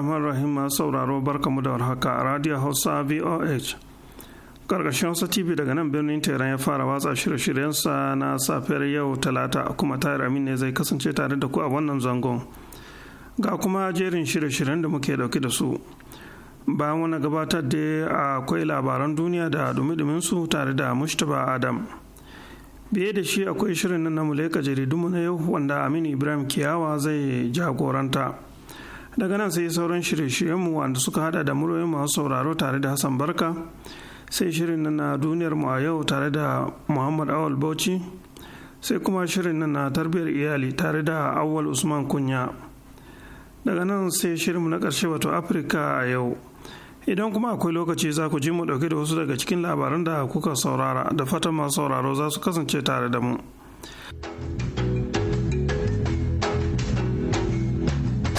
rahman rahim masu sauraro mu da warhaka radio hausa voh karkashin hausa tv daga nan birnin tehran ya fara watsa shirye-shiryensa na safiyar yau talata kuma tayar amin ne zai kasance tare da ku a wannan zangon ga kuma jerin shirye-shiryen da muke dauke da su bayan wani gabatar da akwai labaran duniya da dumi su tare da mustapha adam biye da shi akwai shirin na muleka jaridunmu na yau wanda aminu ibrahim kiyawa zai jagoranta daga nan sai sauran shirye-shiryenmu wanda suka hada da muryoyin masu sauraro tare da hassan barka sai shirin na duniyar mu a yau tare da muhammad awal bauchi sai kuma shirin na tarbiyyar iyali tare da awal usman kunya daga nan sai shirinmu na karshe wato afirka a yau idan kuma akwai lokaci za ku ji mu dauke da wasu daga cikin labaran da kuka saurara da fatan masu sauraro za su kasance tare da mu.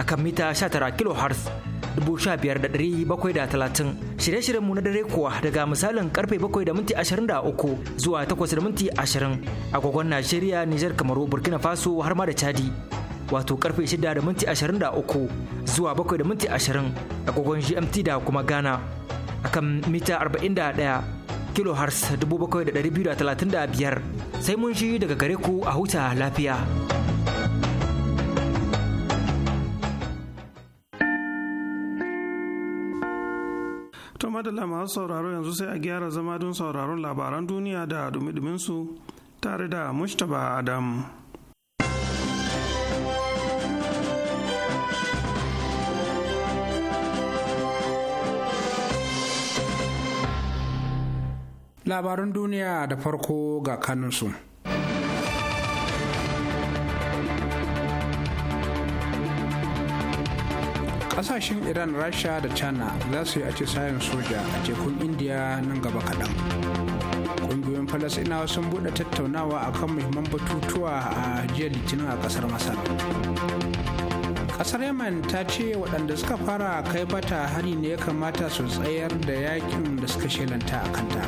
akan mita 19 kHz 15730 shirye-shiryen mu na dare kuwa daga misalin karfe bakwai da minti zuwa takwas da minti ashirin agogon Najeriya, Nijar, Kamaru, Burkina Faso har ma da Chadi. Wato karfe 6 da minti zuwa bakwai da minti 20 agogon GMT da kuma Ghana. Akan mita 41 da 7235 sai mun shi daga gare ku a huta lafiya. To madalla masu sauraro yanzu sai a gyara zama don sauraron labaran duniya da dumi su tare da Mustapha Adam. Labaran duniya da farko ga kanunsu. kasashen iran rasha da china za su yi ce sayan soja a tekun indiya nan gaba kaɗan ƙungiyoyin falasinawa sun buɗe tattaunawa akan muhimman batutuwa a jiya litinin a ƙasar masar ƙasar yaman ta ce waɗanda suka fara kai bata hari ne ya kamata su tsayar da yakin da suka shelanta a kanta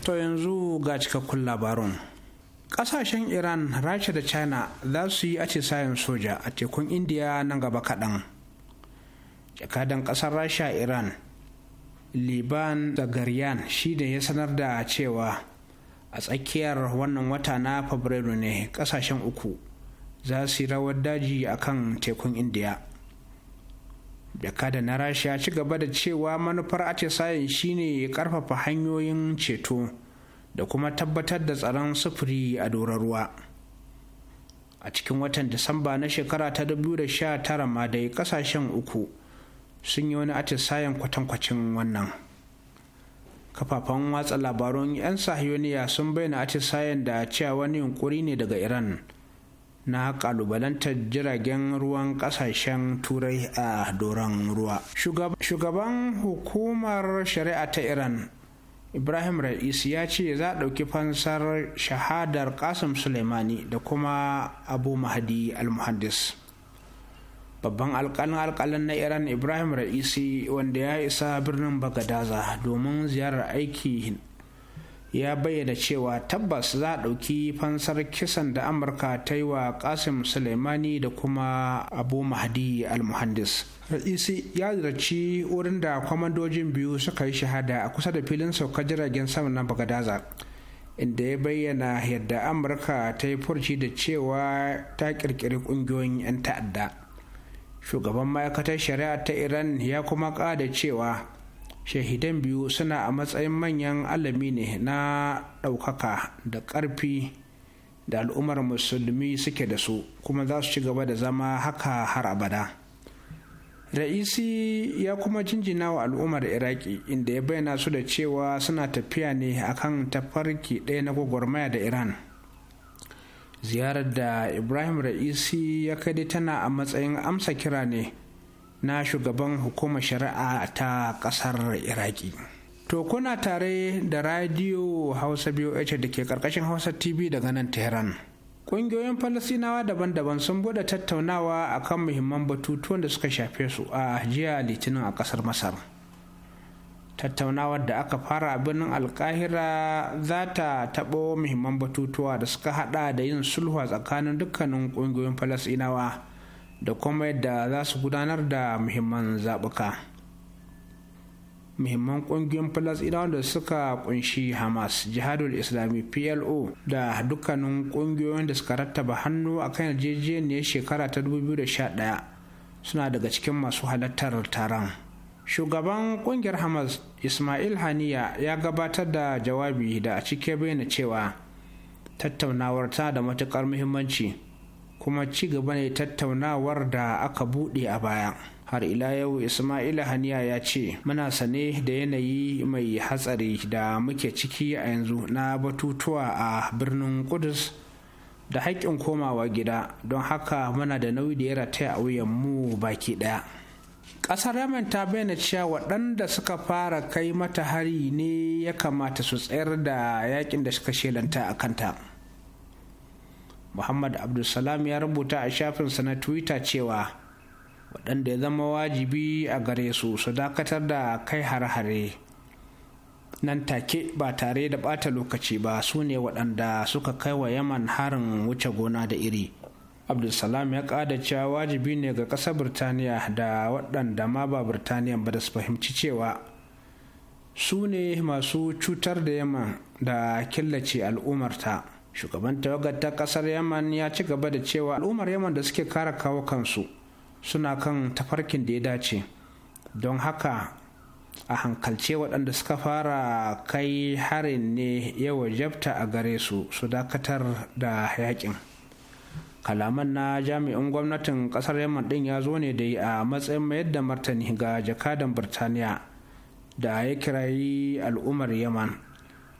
to yanzu ga cikakkun labarun ƙasashen iran rasha da china za su yi sayan soja a tekun indiya nan gaba kaɗan jakadan kasar rasha iran liban zagaryan shi da ya sanar da cewa a tsakiyar wannan wata na fabrairu ne kasashen uku za su yi rawar daji a kan tekun indiya jakada na rasha ci gaba da cewa manufar atisayen shine karfafa hanyoyin ceto da kuma tabbatar da tsaron sufuri a doron ruwa a cikin watan disamba na shekara ta 2019 ma dai kasashen uku sun yi wani atisayen kwatankwacin wannan kafafen watsa labarun 'yan sahiyoniya sun bayyana atisayen da cewa wani yunkuri ne daga iran na kalubalantar jiragen ruwan kasashen turai a doron ruwa shugaban hukumar shari'a ta iran ibrahim ra'isi ya ce za a ɗauki fansar shahadar kasim suleimani da kuma abu mahadi al-muhaddis babban alkalin alkalin na iran ibrahim ra'isi wanda ya isa birnin bagadaza domin ziyarar aiki ya bayyana cewa tabbas za a ɗauki fansar kisan da amurka ta yi wa kasim suleimani da kuma abu mahdi almuhandis ra'isi ya ziyarci wurin da kwamandojin biyu suka yi shahada a kusa da filin sauka jiragen sama na bagadaza inda ya bayyana yadda amurka ta yi furci da cewa ta kirkiri ƙungiyoyin 'yan ta'adda shugaban ma'aikatar shari'a ta iran ya kuma ƙada cewa shahidan biyu suna a matsayin manyan alami ne na ɗaukaka da ƙarfi da al'ummar musulmi suke da su kuma za su ci gaba da zama haka har abada. ra'isi ya kuma jinjina wa al'ummar iraki inda ya bayyana su da cewa suna tafiya ne akan tafarki ɗaya na gwagwarmaya da iran ziyarar da ibrahim ra'isi ya kai tana a matsayin amsa kira ne na shugaban hukumar shari'a ta kasar iraki to kuna tare da radio hausa boh da ke karkashin hausa tv daga nan tehran ƙungiyoyin falasinawa daban-daban sun bude tattaunawa akan muhimman batutuwan da suka shafe su a jiya litinin a kasar masar tattaunawar da aka fara a birnin alkahira za ta taɓo muhimman batutuwa da suka hada da yin sulhu a tsakanin dukkanin ƙungiyoyin falasinawa da kuma yadda za su gudanar da muhimman zaɓuka muhimman ƙungiyoyin falasinawa da suka kunshi hamas jihadul islami plo da dukkanin ƙungiyoyin da suka rattaba hannu a kan yarjejeniyar shekara ta 2011 suna daga cikin masu halartar taron shugaban kungiyar hamas ismail haniya ya gabatar da jawabi da a cike bayyana cewa tattaunawar ta da matukar muhimmanci kuma ci gaba ne tattaunawar da aka buɗe a baya har ila yau ismail haniya ya ce muna sane da yanayi mai hatsari da muke ciki a yanzu na batutuwa a birnin kudus da haƙƙin komawa gida don haka muna da nauyi da ya rataya a wuyan mu baki ɗaya ƙasar yamen ta bayyana cewa waɗanda suka fara kai mata hari ne ya kamata su tsayar da yakin da suka shelanta a kanta muhammad abdulsalam ya rubuta a shafinsa na twitter cewa waɗanda ya zama wajibi a gare su su dakatar da kai har-hare nan take ba tare da ɓata lokaci ba su ne waɗanda suka kai wa yaman harin wuce gona da iri abdulsalam ya kada cewa wajibi ne ga ƙasar birtaniya da waɗanda ma ba birtaniya ba da su fahimci cewa su ne masu cutar da yaman da killace al'ummarta shugaban tawagar ta ƙasar yaman ya ci gaba da cewa al'ummar yaman da suke kara kawo kansu suna kan tafarkin da ya dace don haka a hankalce waɗanda suka fara kai harin ne ya wajabta a gare su su dakatar da yakin. kalaman na jami'in gwamnatin kasar yaman din ya zo ne dai a matsayin mayar da martani ga jakadan birtaniya da ya kirayi al'ummar yaman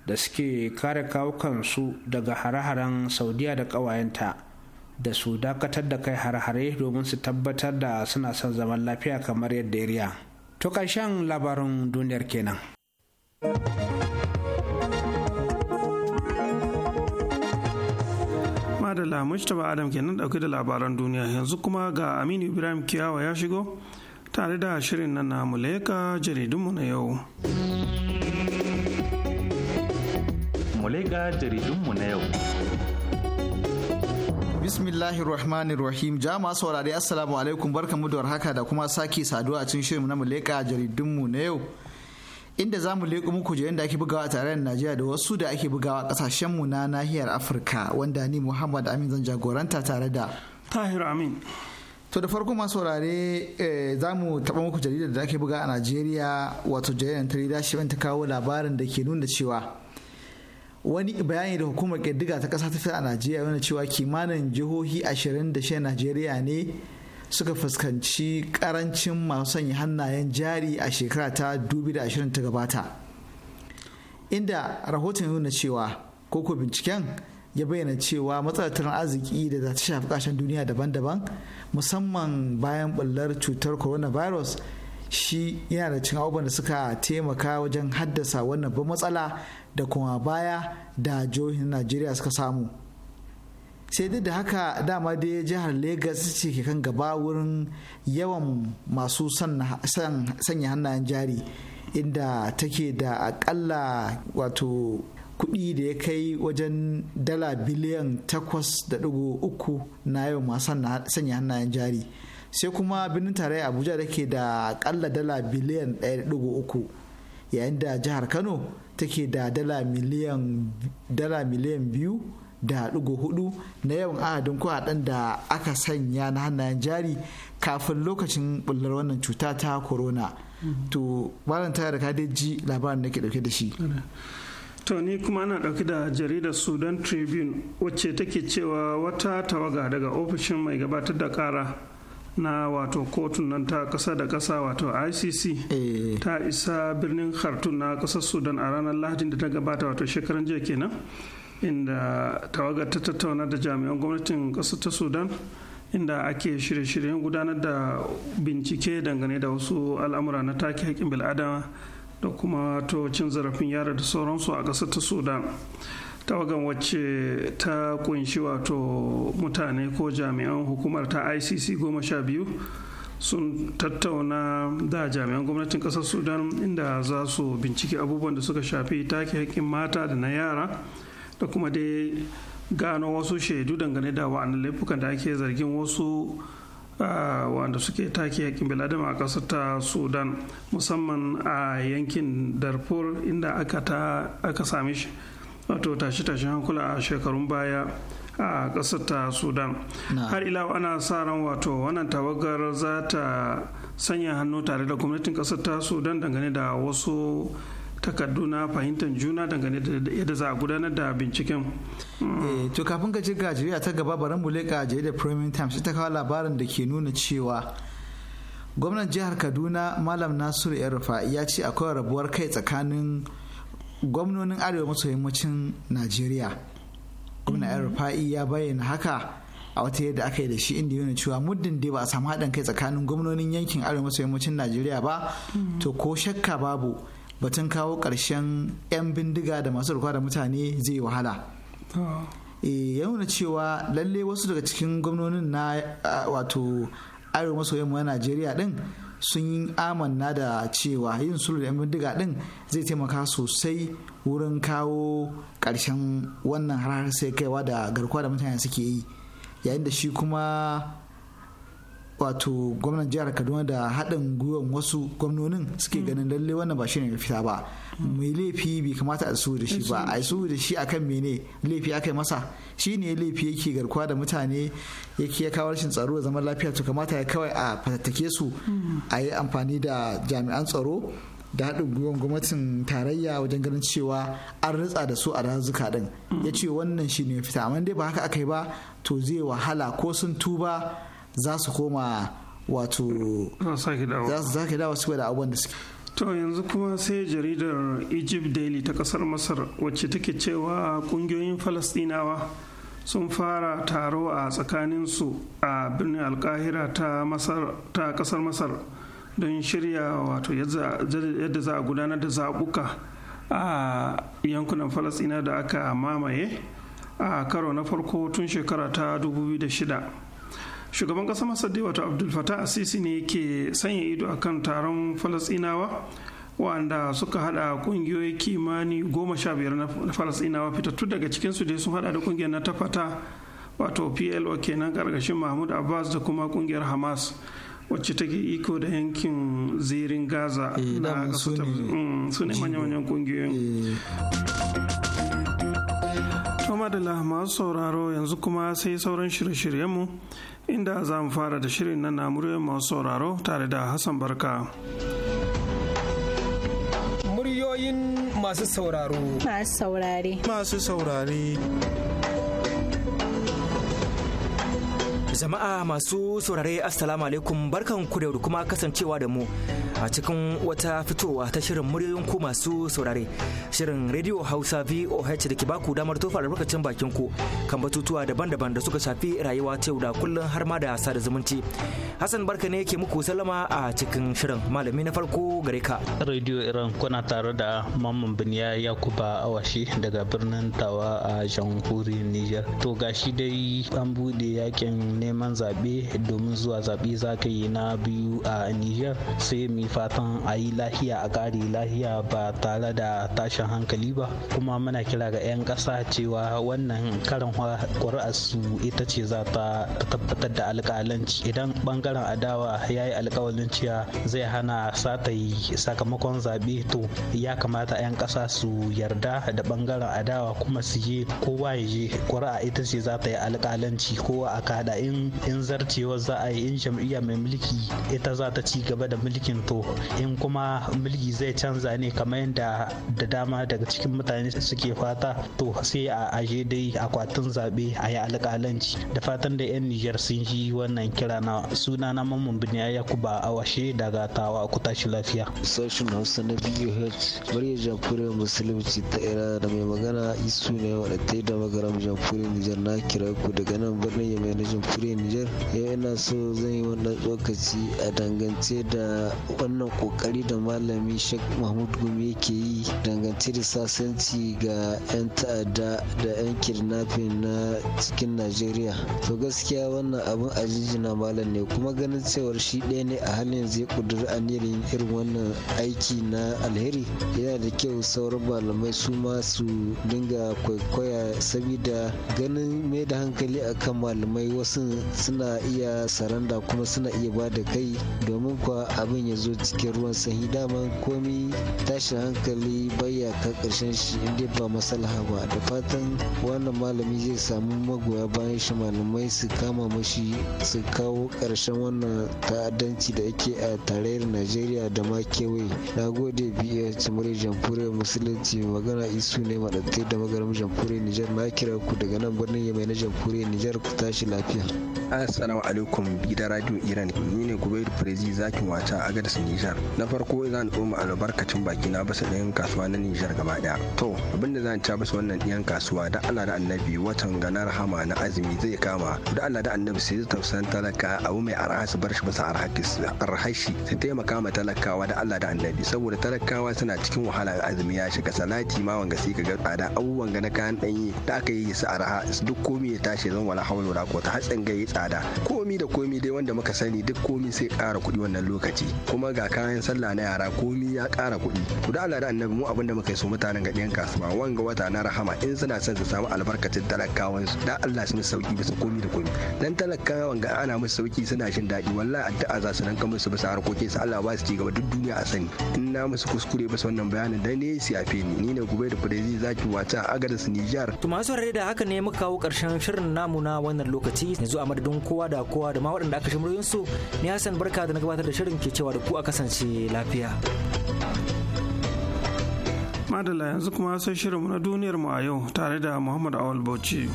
da suke kare kawukansu daga hare-haren saudiya da ƙawayenta da su dakatar da kai hare-hare domin su tabbatar da suna son zaman lafiya kamar yadda ya riya. To labarin duniyar kenan. madalla mustapha adam kenan dauke da labaran duniya yanzu kuma ga aminu ibrahim kiyawa ya shigo tare da shirin nan na muleka jaridunmu na yau muleka jaridunmu na yau Bismillahirrahmanirrahim. Jama'a saurare Assalamu alaikum barkamu da warhaka da kuma sake saduwa a cikin shirin na muleka jaridunmu na yau. inda za mu leƙo muku jiyoyin da ake bugawa a tarayyar Najeriya da wasu da ake bugawa a mu na nahiyar Afirka wanda ni Muhammad Amin zan jagoranta tare da Tahir Amin. To da farko masu saurare eh, za mu taɓa muku jaridar da ake buga a Najeriya wato jaridar ta rida shi ta kawo labarin da ke nuna cewa wani bayani da hukumar ƙirƙiga ta ƙasa ta fi a Najeriya yana cewa kimanin jihohi 26 Najeriya ne suka fuskanci karancin masu sanya hannayen jari a shekara ta 2020 ta gabata inda rahoton nuna cewa koko binciken ya bayyana cewa matsalar arziki da za ta shafi kashen duniya daban-daban musamman bayan bullar cutar coronavirus shi yana da cin abubuwan da suka taimaka wajen haddasa wannan matsala da kuma baya da jihohin najeriya suka samu sai duk da haka dama dai jihar lagos ce ke kan gaba wurin yawan masu sanya hannayen jari inda take da akalla wato kuɗi da ya kai wajen dala biliyan 8.3 na yau masu sanya hannayen jari sai kuma birnin tarayya abuja da ke da akalla dala biliyan 1.3 yayin da jihar kano take da dala miliyan biyu da ɗigo hudu na yawan adadin kuɗaɗen da aka sanya na hannayen jari kafin lokacin bullar wannan cuta ta corona mhm. to malam ta da dai ji labarin da ke dauke da shi to ni kuma ana dauke da jaridar sudan tribune wacce take cewa wata tawaga daga ofishin mai gabatar da kara na wato kotun nan ta kasa da kasa wato icc eh. ta isa birnin khartoum na kasar sudan a ranar lahadin da ta gabata wato shekaran jiya kenan inda tawagar ta tattauna da jami'an gwamnatin ƙasar ta sudan inda ake shirye-shiryen gudanar da bincike dangane da wasu al'amura na take haƙƙin bil'adama da kuma to cin zarafin yara da sauransu a ƙasar ta sudan tawagan wacce ta kunshi wato mutane ko jami'an hukumar ta icc goma sha biyu sun tattauna da jami'an gwamnatin ƙasar sudan inda za su bincike abubuwan da suka shafi take haƙƙin mata da na yara da kuma dai gano wasu shaidu dangane da wa'annan laifukan da ake zargin wasu ah, wanda suke take yakin biladama a ƙasar ta sudan musamman a yankin darfur inda aka sami shi wato tashe-tashen hankula a shekarun baya a ƙasar ta sudan har ila ana sa ran wato wannan tawagar za ta sanya hannu tare da gwamnatin ƙasar ta sudan dangane da wasu Takarduna fahimtar juna dangane da yadda za a gudanar da binciken. Eh, to kafin ka ga jiriya ta gaba bari mu leƙa da premium times ta kawo labarin da ke nuna cewa gwamnan jihar kaduna malam nasiru yarufa ya ce akwai rabuwar kai tsakanin gwamnonin arewa maso yammacin najeriya gwamnan yan ya bayyana haka a wata yadda aka yi da shi inda yana cewa muddin dai ba a samu haɗin kai tsakanin gwamnonin yankin arewa maso yammacin najeriya ba to ko shakka babu batun kawo ƙarshen 'yan bindiga da masu rukwa da mutane zai wahala eh, ya nuna cewa lalle wasu daga cikin gwamnonin na wato arewa maso yamma najeriya din sun yi amanna da cewa yin sulhu da 'yan bindiga din zai taimaka sosai wurin kawo ƙarshen wannan har sai kaiwa da garkuwa da mutane suke yi yayin da shi kuma wato gwamnan jihar kaduna da haɗin gwiwan wasu gwamnonin suke mm. ganin lalle wannan ba shi ne fita ba mm. mai laifi bai kamata a su da shi ba a da shi akan mene laifi aka yi masa shi ne laifi yake garkuwa da mutane yake ya kawo rashin tsaro da zaman lafiya to kamata ya kawai a fatattake su mm. a yi amfani da jami'an tsaro da haɗin gwiwan gwamnatin tarayya wajen ganin cewa an ritsa da su a dazuka din ya ce wannan shi ne fita amma dai ba haka aka yi ba to zai wahala ko sun tuba za su koma wato za su dawa su da abubuwan da suke to yanzu kuma sai jaridar egypt daily ta kasar masar wacce take cewa kungiyoyin falastinawa sun fara taro a tsakaninsu a birnin alkahira ta kasar masar don shirya wato yadda za a gudanar da zaɓuka a yankunan falastina da aka mamaye a karo na farko tun shekara ta 2006 shugaban kasa masar wato abdul fatah asisi ne ke sanya ido akan taron falasinawa wanda suka hada kungiyoyi kimani goma sha biyar na falasinawa fitattu daga cikinsu dai sun hada da kungiyar na tafata wato plo kenan karkashin mahmud abbas da kuma kungiyar hamas wacce take iko da yankin zirin gaza eh, na mm, su ne manya-manyan kungiyoyin eh. to madalla masu sauraro yanzu kuma sai sauran shirye-shiryenmu inda za mu fara da shirin na namuriyar masu sauraro tare da Hassan Barka. Muryoyin masu sauraro. Masu saurare. Masu saurare. Jama'a masu saurare Assalamu alaikum barkan ku da kuma kasancewa da mu a cikin wata fitowa ta shirin muryoyin ku masu saurare. Shirin Radio Hausa VOH da ke baku damar tofa lokacin bakin ku kan batutuwa daban-daban da suka shafi rayuwa ta yau da kullum har ma da sada zumunci. Hassan barka ne ke muku salama a cikin shirin malami na farko gare ka. Radio Iran kuna tare da Mamman Biniya Yakuba Awashi daga birnin Tawa a jamhuriyar Niger. To gashi dai an bude yakin neman zaɓe domin zuwa zaɓe za ka yi na biyu a Nijar sai mai fatan a yi lahiya a ƙari lahiya ba tare da tashin hankali ba kuma muna kira ga 'yan ƙasa cewa wannan karin su ita ce za ta tabbatar da alƙalanci idan ɓangaren adawa ya yi alƙawalin cewa zai hana sata yi sakamakon zaɓe to ya kamata 'yan ƙasa su yarda da ɓangaren adawa kuma su je kowa ya je ƙuri'a ita ce za ta yi alƙalanci kowa a kada in in in zarcewa za a yi in jam'iyya mai mulki ita za ta ci gaba da mulkin to in kuma mulki zai canza ne kamar yadda da dama daga cikin mutane suke fata to sai a aje dai akwatin zaɓe a yi alƙalanci da fatan da 'yan Nijar sun ji wannan kira na suna na mamman biniya a washe daga tawa ku tashi lafiya. Sashen Hausa na BUH Maryam Jamhuriyar Musulunci ta ira da mai magana isu ne wadatai ta yi da magaram Jamhuriyar Nijar na kira ku daga nan birnin Yamai na Jamhuriyar jamhuriyar nijar yau eh, ina so zan yi wannan tsokaci a dangance da wannan kokari da malami shek mahmud gumi yake yi dangance da sasanci ga 'yan ta'adda da 'yan kidnapping na cikin najeriya to gaskiya wannan abin ajijina malam ne kuma ganin cewar shi ɗaya ne a halin yanzu ya ƙudiri aniyar irin wannan aiki na alheri yana da kyau sauran malamai su ma su dinga kwaikwaya sabida ganin mai da hankali akan malamai wasu suna iya saranda kuma suna iya ba da kai domin kuwa abin ya zo cikin ruwan sanyi daman komi tashin hankali bayya ka karshen shi inda ba maslaha ba da fatan wannan malami zai samu magoya bayan shi malamai su kama mashi su kawo karshen wannan ta'addanci da yake a tarayyar najeriya da ma kewaye na gode biya cimurai jamhuriyar musulunci magana isu ne maɗattai da magaram jamhuriyar nijar na kira ku daga nan birnin yamai na jamhuriyar nijar ku tashi lafiya Assalamu alaikum gidan Radio Iran ni ne Kubairu firizi zakin wata a gadis Nijar. Na farko zan tsoma albarkacin baki na basa yan kasuwa na Nijar gaba daya To abinda zan ca basa wannan yan kasuwa da Allah da Annabi watan ganar rahama na azumi zai kama da Allah da Annabi sai zai tausan talaka abu mai arha su bar shi bisa arhashi su taimaka ma talakawa da Allah da Annabi saboda talakawa suna cikin wahala azumi ya shiga salati ma wanga sai ga tsada abubuwan ga na kayan ɗanyi da aka yi su arha duk komai ya tashi zan wala da ko ta hatsin dinga yi tsada komi da komi dai wanda muka sani duk komi sai kara kuɗi wannan lokaci kuma ga kayan sallah na yara komi ya ƙara kuɗi ku da Allah da annabi mu abinda muka so mutanen ga ɗiyan kasuwa wanga wata na rahama in suna son su samu albarkacin talakawan su da Allah su sauki bisa komi da komi dan talakawan ga ana musu sauki suna shin daɗi wallahi addu'a za su ranka musu bisa harkokin su Allah ba su ci gaba duk duniya a sani in na musu kuskure bisa wannan bayanin dan ne su yafe ni ni ne gobe da zai zaki wata agadis Nijar to masu da haka ne muka kawo karshen shirin namu na wannan lokaci yanzu a madadin kowa da kowa da ma waɗanda aka shi su ni Hassan barka da na gabatar da shirin ke cewa da ku a kasance lafiya. Madalla yanzu kuma sai shirinmu na duniyar mu a yau tare da Muhammad Awal Bauchi.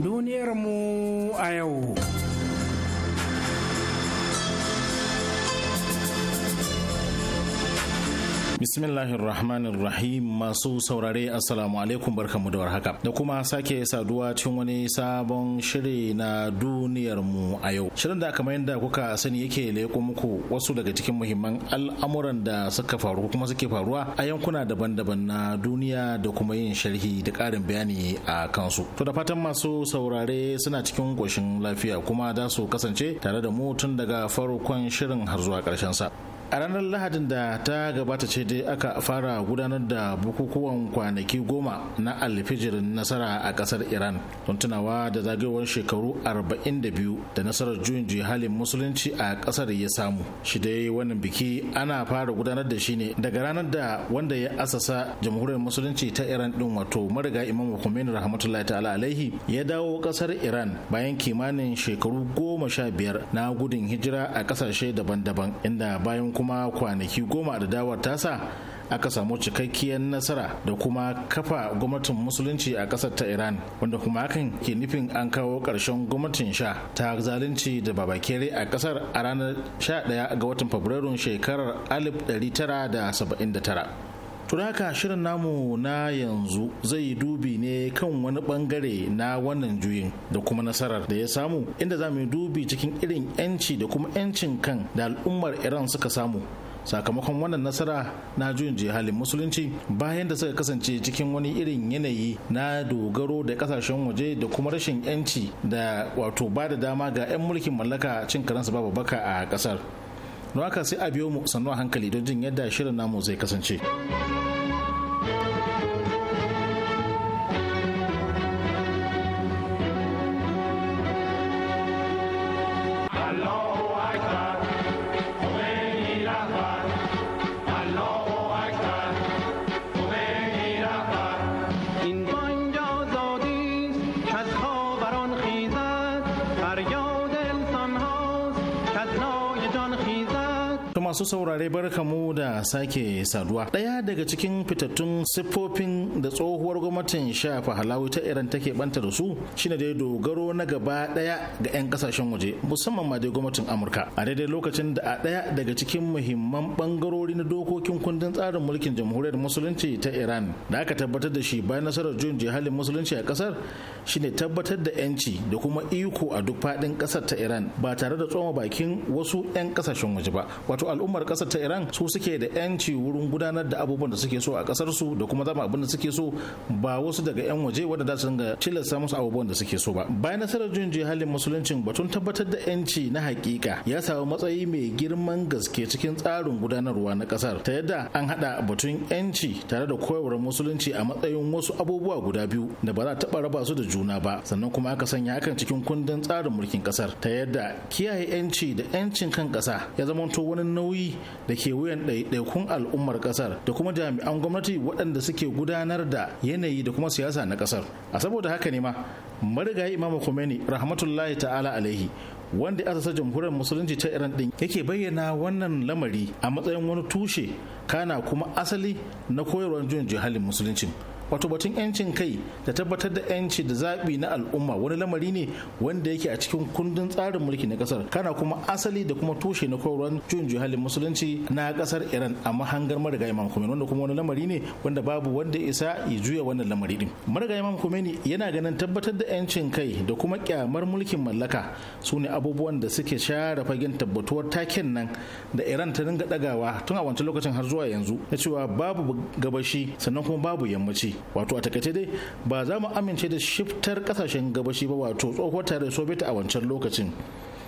Duniyar mu a yau. bismillahirrahmanirrahim Rahmanir Rahim masu saurare Assalamu alaikum barkamu da warhaka da kuma sake saduwa cikin wani sabon shiri na duniyar mu a yau. Shirin da kamar yadda kuka sani yake leko muku wasu daga cikin muhimman al'amuran da suka faru kuma suke faruwa a yankuna daban-daban na duniya da kuma yin sharhi da karin bayani a kansu. To da fatan masu saurare suna cikin ƙoshin lafiya kuma da su kasance tare da mu tun daga farkon shirin har zuwa ƙarshen sa. a ranar lahadin da ta gabata ce dai aka fara gudanar da bukukuwan kwanaki goma na alfijirin nasara a kasar iran don tunawa da zagayowar shekaru 42 da nasarar juyin halin musulunci a kasar ya samu shi dai wannan biki ana fara gudanar da shi ne daga ranar da wanda ya asasa jamhuriyar musulunci ta iran din wato mariga imam hukumin rahmatullahi ta'ala alaihi ya dawo kasar iran bayan kimanin shekaru goma sha biyar na gudun hijira a kasashe daban-daban inda bayan kuma kwanaki goma da dawar tasa aka samu cikakkiyar nasara da kuma kafa gwamnatin musulunci a ƙasar ta iran wanda kuma hakan ke nufin an kawo ƙarshen gwamnatin sha ta zalunci da babakere a ƙasar a ranar 11 ga watan fabrairun shekarar 1979 turaka shirin namu na yanzu zai dubi ne kan wani bangare na wannan juyin da kuma nasarar da ya samu inda za mu dubi cikin irin 'yanci da kuma 'yancin kan da al'ummar iran suka samu sakamakon wannan nasara na juyin jihalin musulunci bayan da suka kasance cikin wani irin yanayi na dogaro da kasashen waje da kuma rashin 'yanci da wato ba da dama ga 'yan mulkin mallaka cin karansu babu baka a kasar Don haka sai a biyo mu sannu a hankali don jin yadda shirin namu zai kasance. masu saurare barkamu da sake saduwa. Ɗaya daga cikin fitattun siffofin da tsohuwar gwamnatin shafa halawi ta Iran take banta da su shine dai dogaro na gaba daya ga 'yan kasashen waje musamman ma dai gwamnatin Amurka. A daidai lokacin da a ɗaya daga cikin muhimman bangarori na dokokin kundin tsarin mulkin jamhuriyar musulunci ta Iran da aka tabbatar da shi bayan nasarar juyin jihalin musulunci a kasar shine tabbatar da 'yanci da kuma iko a duk faɗin kasar ta Iran ba tare da tsoma bakin wasu 'yan kasashen waje ba. Wato al'ummar kasar ta iran su suke da yanci wurin gudanar da abubuwan da suke so a kasar su da kuma zama abin da suke so ba wasu daga yan waje wanda za su dinga tilasta musu abubuwan da suke so ba bayan nasarar jin halin musuluncin batun tabbatar da yanci na hakika ya samu matsayi mai girman gaske cikin tsarin gudanarwa na kasar ta yadda an hada batun yanci tare da koyarwar musulunci a matsayin wasu abubuwa guda biyu da ba za ta taba raba su da juna ba sannan kuma aka sanya hakan cikin kundin tsarin mulkin kasar ta yadda kiyaye yanci da yancin kan kasa ya zamanto wani nauyi nauyi da ke wuyan ɗaiɗaikun al'ummar ƙasar da kuma jami'an gwamnati waɗanda suke gudanar da yanayi da kuma siyasa na ƙasar a saboda haka ne ma marigayi imamu khomeini rahmatullahi ta'ala alaihi wanda ya asasa jamhuriyar musulunci ta iran ɗin yake bayyana wannan lamari a matsayin wani tushe kana kuma asali na koyarwar jin jihalin musuluncin wato batun yancin kai da tabbatar da yanci da zaɓi na al'umma wani lamari ne wanda yake a cikin kundin tsarin mulki na kasar kana kuma asali da kuma tushe na koyarwar juyin halin musulunci na kasar iran amma hangar marigayi imam wanda kuma wani lamari ne wanda babu wanda isa ya juya wannan lamari din marigayi imam yana ganin tabbatar da yancin kai da kuma kyamar mulkin mallaka Sune abubuwan da suke share fagen tabbatuwar taken nan da iran ta dinga dagawa tun a wancan lokacin har zuwa yanzu na cewa babu gabashi sannan kuma babu yammaci wato a takaice dai ba za mu amince da shiftar kasashen gabashi ba wato tsohuwar tare soviet a wancan lokacin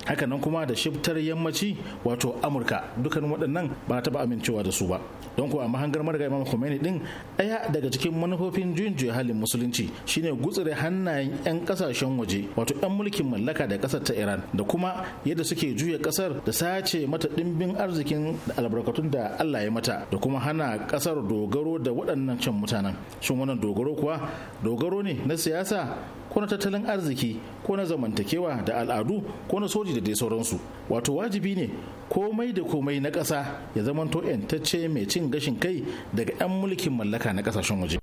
hakanan kuma da shiftar yammaci wato amurka dukkanin waɗannan ba ta ba amincewa da su ba don kuwa mahangar marga imam khomeini din ɗaya daga cikin manufofin juyin juya halin musulunci shine gutsire hannayen 'yan kasashen waje wato 'yan mulkin mallaka da ƙasar ta iran da kuma yadda suke juya ƙasar da sace mata ɗimbin arzikin albarkatun da allah ya mata da kuma hana kasar dogaro da waɗannan can mutanen shin wannan dogaro kuwa dogaro ne na siyasa ko na tattalin arziki ko na zamantakewa da al'adu ko na soji da dai sauransu wato wajibi ne komai da komai na ƙasa ya zamanto 'yantacce mai cin gashin kai daga 'yan mulkin mallaka na ƙasashen waje.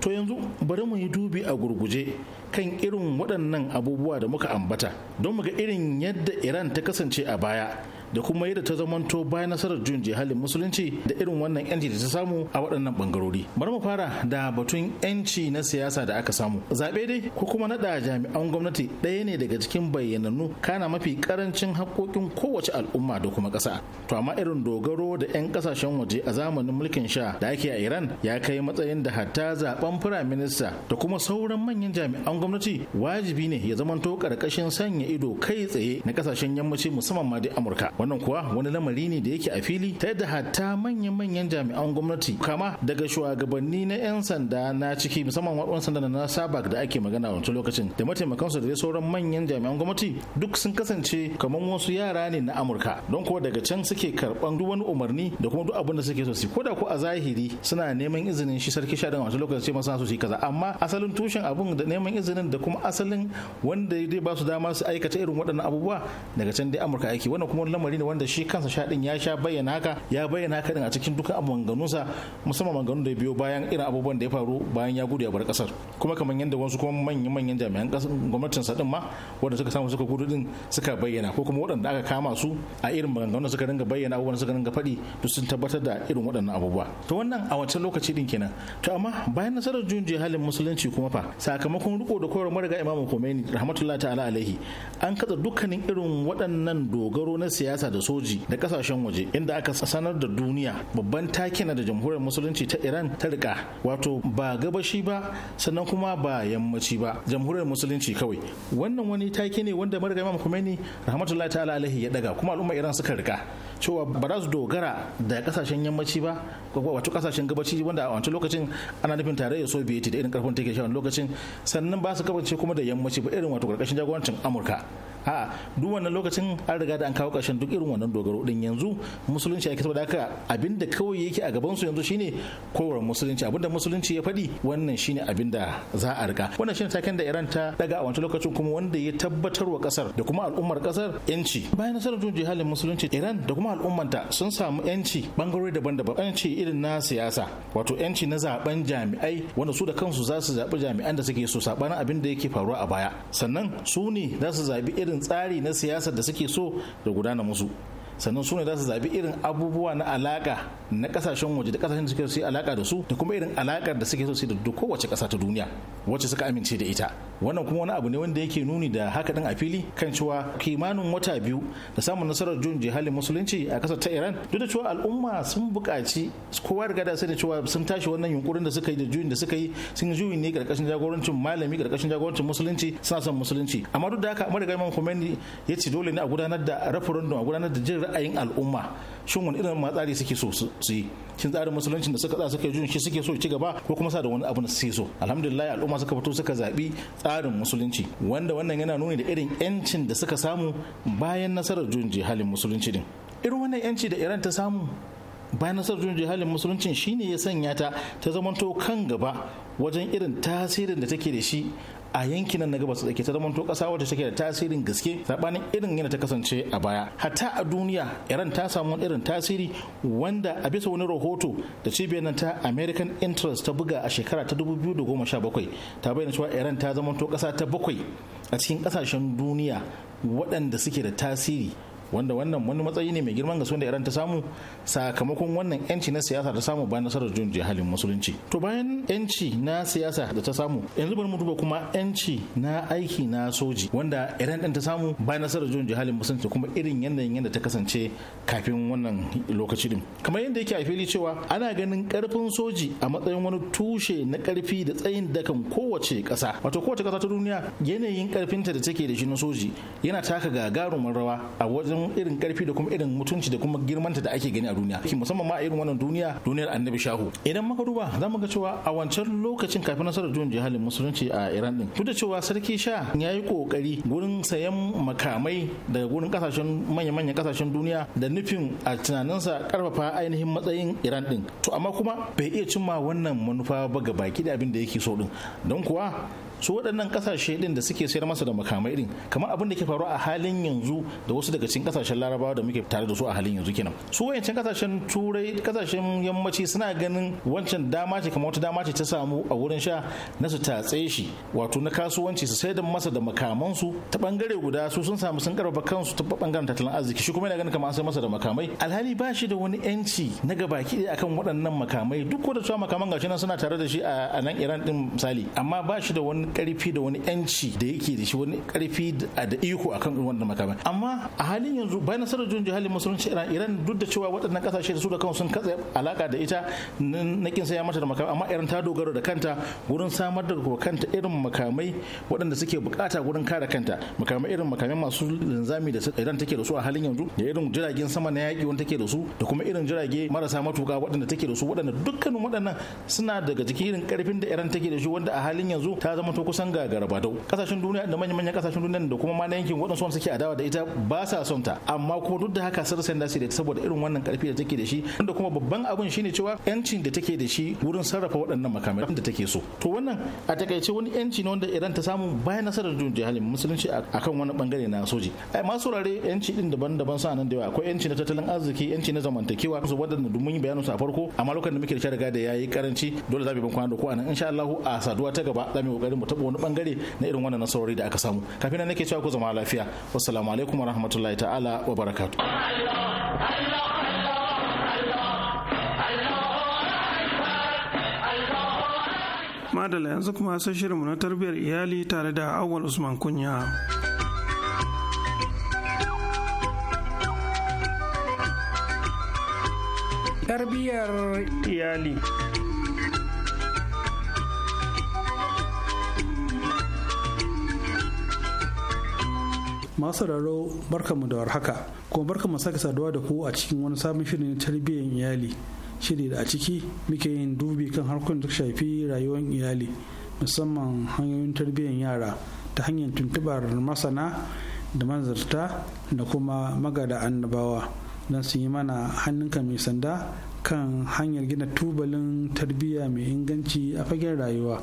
To yanzu bari mu yi dubi a gurguje kan irin waɗannan abubuwa da muka ambata don mu ga irin yadda Iran ta kasance a baya da kuma yadda ta zamanto bayan nasarar juyin halin musulunci da irin wannan yanci da ta samu a waɗannan bangarori bari mu fara da batun yanci na siyasa da aka samu zaɓe dai ko kuma naɗa jami'an gwamnati ɗaya ne daga cikin bayyanannu kana mafi karancin haƙoƙin kowace al'umma da kuma ƙasa to amma irin dogaro da 'yan ƙasashen waje a zamanin mulkin sha da ake a iran ya kai matsayin da hatta firayim firaminista da kuma sauran manyan jami'an gwamnati wajibi ne ya zamanto ƙarƙashin sanya ido kai tsaye na ƙasashen yammaci musamman ma dai amurka wannan kuwa wani lamari ne da yake a fili ta yadda hatta manyan-manyan jami'an gwamnati kama daga shugabanni na 'yan sanda na ciki musamman wadon sanda na sabak da ake magana wancan lokacin da mataimakansu da sauran manyan jami'an gwamnati duk sun kasance kamar wasu yara ne na amurka don kuwa daga can suke karban duk wani umarni da kuma duk abin da suke so su da ko a zahiri suna neman izinin shi sarki sha a wancan lokacin ce masu su shi kaza amma asalin tushen abun da neman izinin da kuma asalin wanda zai ba su dama su aikata irin waɗannan abubuwa daga can dai amurka aiki wannan kuma al'amari ne wanda shi kansa sha ya sha bayyana haka ya bayyana haka din a cikin dukkan maganganunsa musamman maganganun da biyo bayan irin abubuwan da ya faru bayan ya gudu ya bar kasar kuma kamar yadda wasu kuma manyan manyan jami'an gwamnatin sa din ma wanda suka samu suka gudu din suka bayyana ko kuma waɗanda aka kama su a irin maganganun suka dinga bayyana abubuwan suka dinga faɗi duk sun tabbatar da irin waɗannan abubuwa to wannan a wancan lokaci din kenan to amma bayan nasarar juyin halin musulunci kuma fa sakamakon riko da koyar mariga imamu Khomeini rahmatullahi ta'ala alaihi an katsa dukkanin irin waɗannan dogaro na siyasa siyasa da soji da kasashen waje inda aka sanar da duniya babban take takina da jamhuriyar musulunci ta iran ta rika wato ba gabashi ba sannan kuma ba yammaci ba jamhuriyar musulunci kawai wannan wani take ne wanda marigar imam khomeini rahmatullahi ta'ala alaihi ya daga kuma al'umma iran suka rika cewa ba za su dogara da kasashen yammaci ba wato kasashen gabaci wanda a wancan lokacin ana nufin tarayyar soviet da irin karfin take shi lokacin sannan ba su kabace kuma da yammaci ba irin wato karkashin jagorancin amurka A'a, duk wannan lokacin an riga da an kawo ƙarshen duk irin wannan dogaro din yanzu musulunci ake saboda haka abinda kawai yake a gaban su yanzu shine kowar musulunci abinda musulunci ya faɗi wannan shine abinda za a riga wannan shine taken da Iran ta daga a wancan lokacin kuma wanda ya tabbatar wa kasar da kuma al'ummar kasar yanci bayan nasarar jin jihalin musulunci Iran da kuma al'ummanta sun samu yanci bangarori daban-daban yanci irin na siyasa wato yanci na zaben jami'ai wanda su da kansu za su zaɓi jami'an da suke so sabanin abin da yake faruwa a baya sannan su ne za su zaɓi irin tsari na siyasar da suke so da gudana musu sannan su ne za su zabi irin abubuwa na alaka na kasashen waje da kasashen da suke so su alaka da su da kuma irin alakar da suke so su da duk kowace kasa ta duniya wacce suka amince da ita wannan kuma wani abu ne wanda yake nuni da haka din a fili kan cewa kimanin wata biyu da samun nasarar juyin jihalin musulunci a kasar ta Iran duk da cewa al'umma sun buƙaci kowa riga da sai da cewa sun tashi wannan yunkurin da suka yi da juyin da suka yi sun juyin ne karkashin jagorancin malami karkashin jagorancin musulunci suna son musulunci amma duk da haka Amurka Imam Khomeini ya ce dole ne a gudanar da referendum a gudanar da jin ra'ayin al'umma shin wani irin ma tsari suke so su yi shin tsarin musulunci da suka tsara suka jin shi suke so ci gaba ko kuma sa da wani abu na suke so alhamdulillah al'umma suka fito suka zabi tsarin musulunci wanda wannan yana nuni da irin yancin da suka samu bayan nasarar jun jihalin musulunci din irin wannan yanci da iran ta samu bayan nasarar jun jihalin musulunci shine ya sanya ta ta zamanto kan gaba wajen irin tasirin da take da shi a yankin na gabas da ke ta zamanto ƙasa wacce take da tasirin gaske sabanin irin yana ta kasance a baya hatta a duniya iran ta samu irin tasiri wanda a bisa wani rahoto da cibiyar nan ta american interest ta buga a shekara ta 2017 ta bayyana cewa iran ta zamanto kasa ta bakwai a cikin ƙasashen duniya waɗanda suke da tasiri wanda wannan wani matsayi ne mai girman gaske da iran ta samu sakamakon wannan yanci na siyasa ta samu bayan nasarar jin jihalin musulunci to bayan yanci na siyasa da ta samu yanzu bari mu duba kuma yanci na aiki na soji wanda iran din ta samu bayan nasarar jin jihalin musulunci kuma irin yanayin yadda ta kasance kafin wannan lokaci din kamar yadda yake a fili cewa ana ganin karfin soji a matsayin wani tushe na karfi da tsayin dakan kowace kasa wato kowace kasa ta duniya yanayin karfinta da take da shi na soji yana taka gagarumar rawa a wajen wajen irin karfi da kuma irin mutunci da kuma girmanta da ake gani a duniya musamman ma a irin wannan duniya duniyar annabi shahu idan muka duba za mu ga cewa a wancan lokacin kafin nasarar juyin jihalin musulunci a iran din duk da cewa sarki sha ya yi kokari gurin sayan makamai daga gurin kasashen manya-manyan kasashen duniya da nufin a tunaninsa karfafa ainihin matsayin iran din to amma kuma bai iya cimma wannan manufa ba ga baki da abin da yake so din don kuwa su waɗannan ƙasashe ɗin da suke sayar masa da makamai ɗin kamar abin da ke faru a halin yanzu da wasu daga cikin ƙasashen larabawa da muke tare da su a halin yanzu kenan su wayancan ƙasashen turai ƙasashen yammaci suna ganin wancan dama ce kamar wata dama ce ta samu a wurin sha na su tatse shi wato na kasuwanci su sayar da masa da makamansu ta bangare guda su sun samu sun karfafa kansu ta bangaren tattalin arziki shi kuma yana ganin kamar an sayar masa da makamai alhali ba shi da wani yanci na gabaki ɗaya akan waɗannan makamai duk da cewa makaman gashi nan suna tare da shi a nan iran ɗin misali amma ba shi da wani karfi da wani yanci da yake da shi wani karfi da iko akan wannan makamai amma a halin yanzu bayan nasarar junji halin musulunci iran iran duk da cewa waɗannan kasashe da su da kansu sun katse alaka da ita na kin ya mata da makamai amma iran ta dogara da kanta gurin samar da kanta irin makamai waɗanda suke bukata gurin kare kanta makamai irin makamai masu linzami da iran take da su a halin yanzu da irin jiragen sama na yaƙi wanda take da su da kuma irin jirage marasa matuka waɗanda take da su waɗanda dukkanin waɗannan suna daga jikin irin karfin da iran take da shi wanda a halin yanzu ta zama zamanto kusan gagara ba kasashen duniya da manyan manyan kasashen duniya da kuma mana yankin waɗansu wanda suke adawa da ita ba sa son ta amma kuma duk da haka sarsan da da saboda irin wannan karfi da take da shi wanda kuma babban abin shine cewa yancin da take da shi wurin sarrafa waɗannan makamai da take so to wannan a takaice wani yanci ne wanda Iran ta samu bayan nasarar da jihalin musulunci akan wani bangare na soji ai masu rare yanci din daban-daban sa nan da yawa akwai yanci na tattalin arziki yanci na zamantakewa su wadannan domin mun bayanin su a farko amma lokacin da muke da riga da yayi karanci dole za mu ban kwana da ku anan insha Allah a saduwa ta gaba za mu yi kokarin mu taɓa wani bangare na irin wannan nasarori da aka samu kafin nan nake cewa ku zama lafiya wassalamu alaikum warahmatullahi ta'ala wa barakatu. madala yanzu kuma sai shirinmu na tarbiyar iyali tare da awwal usman kunya tarbiyyar iyali masu raro barkamu da warhaka kuma barkamu sake saduwa da ku a cikin wani sabon shirin tarbiyyar iyali shiri da a ciki muke yin dubi kan harkokin da shafi rayuwar iyali musamman hanyoyin tarbiyyar yara ta hanyar tuntubar masana da manzarta da kuma magada annabawa don su yi mana hannunka mai sanda kan hanyar gina tubalin tarbiyya mai inganci a fagen rayuwa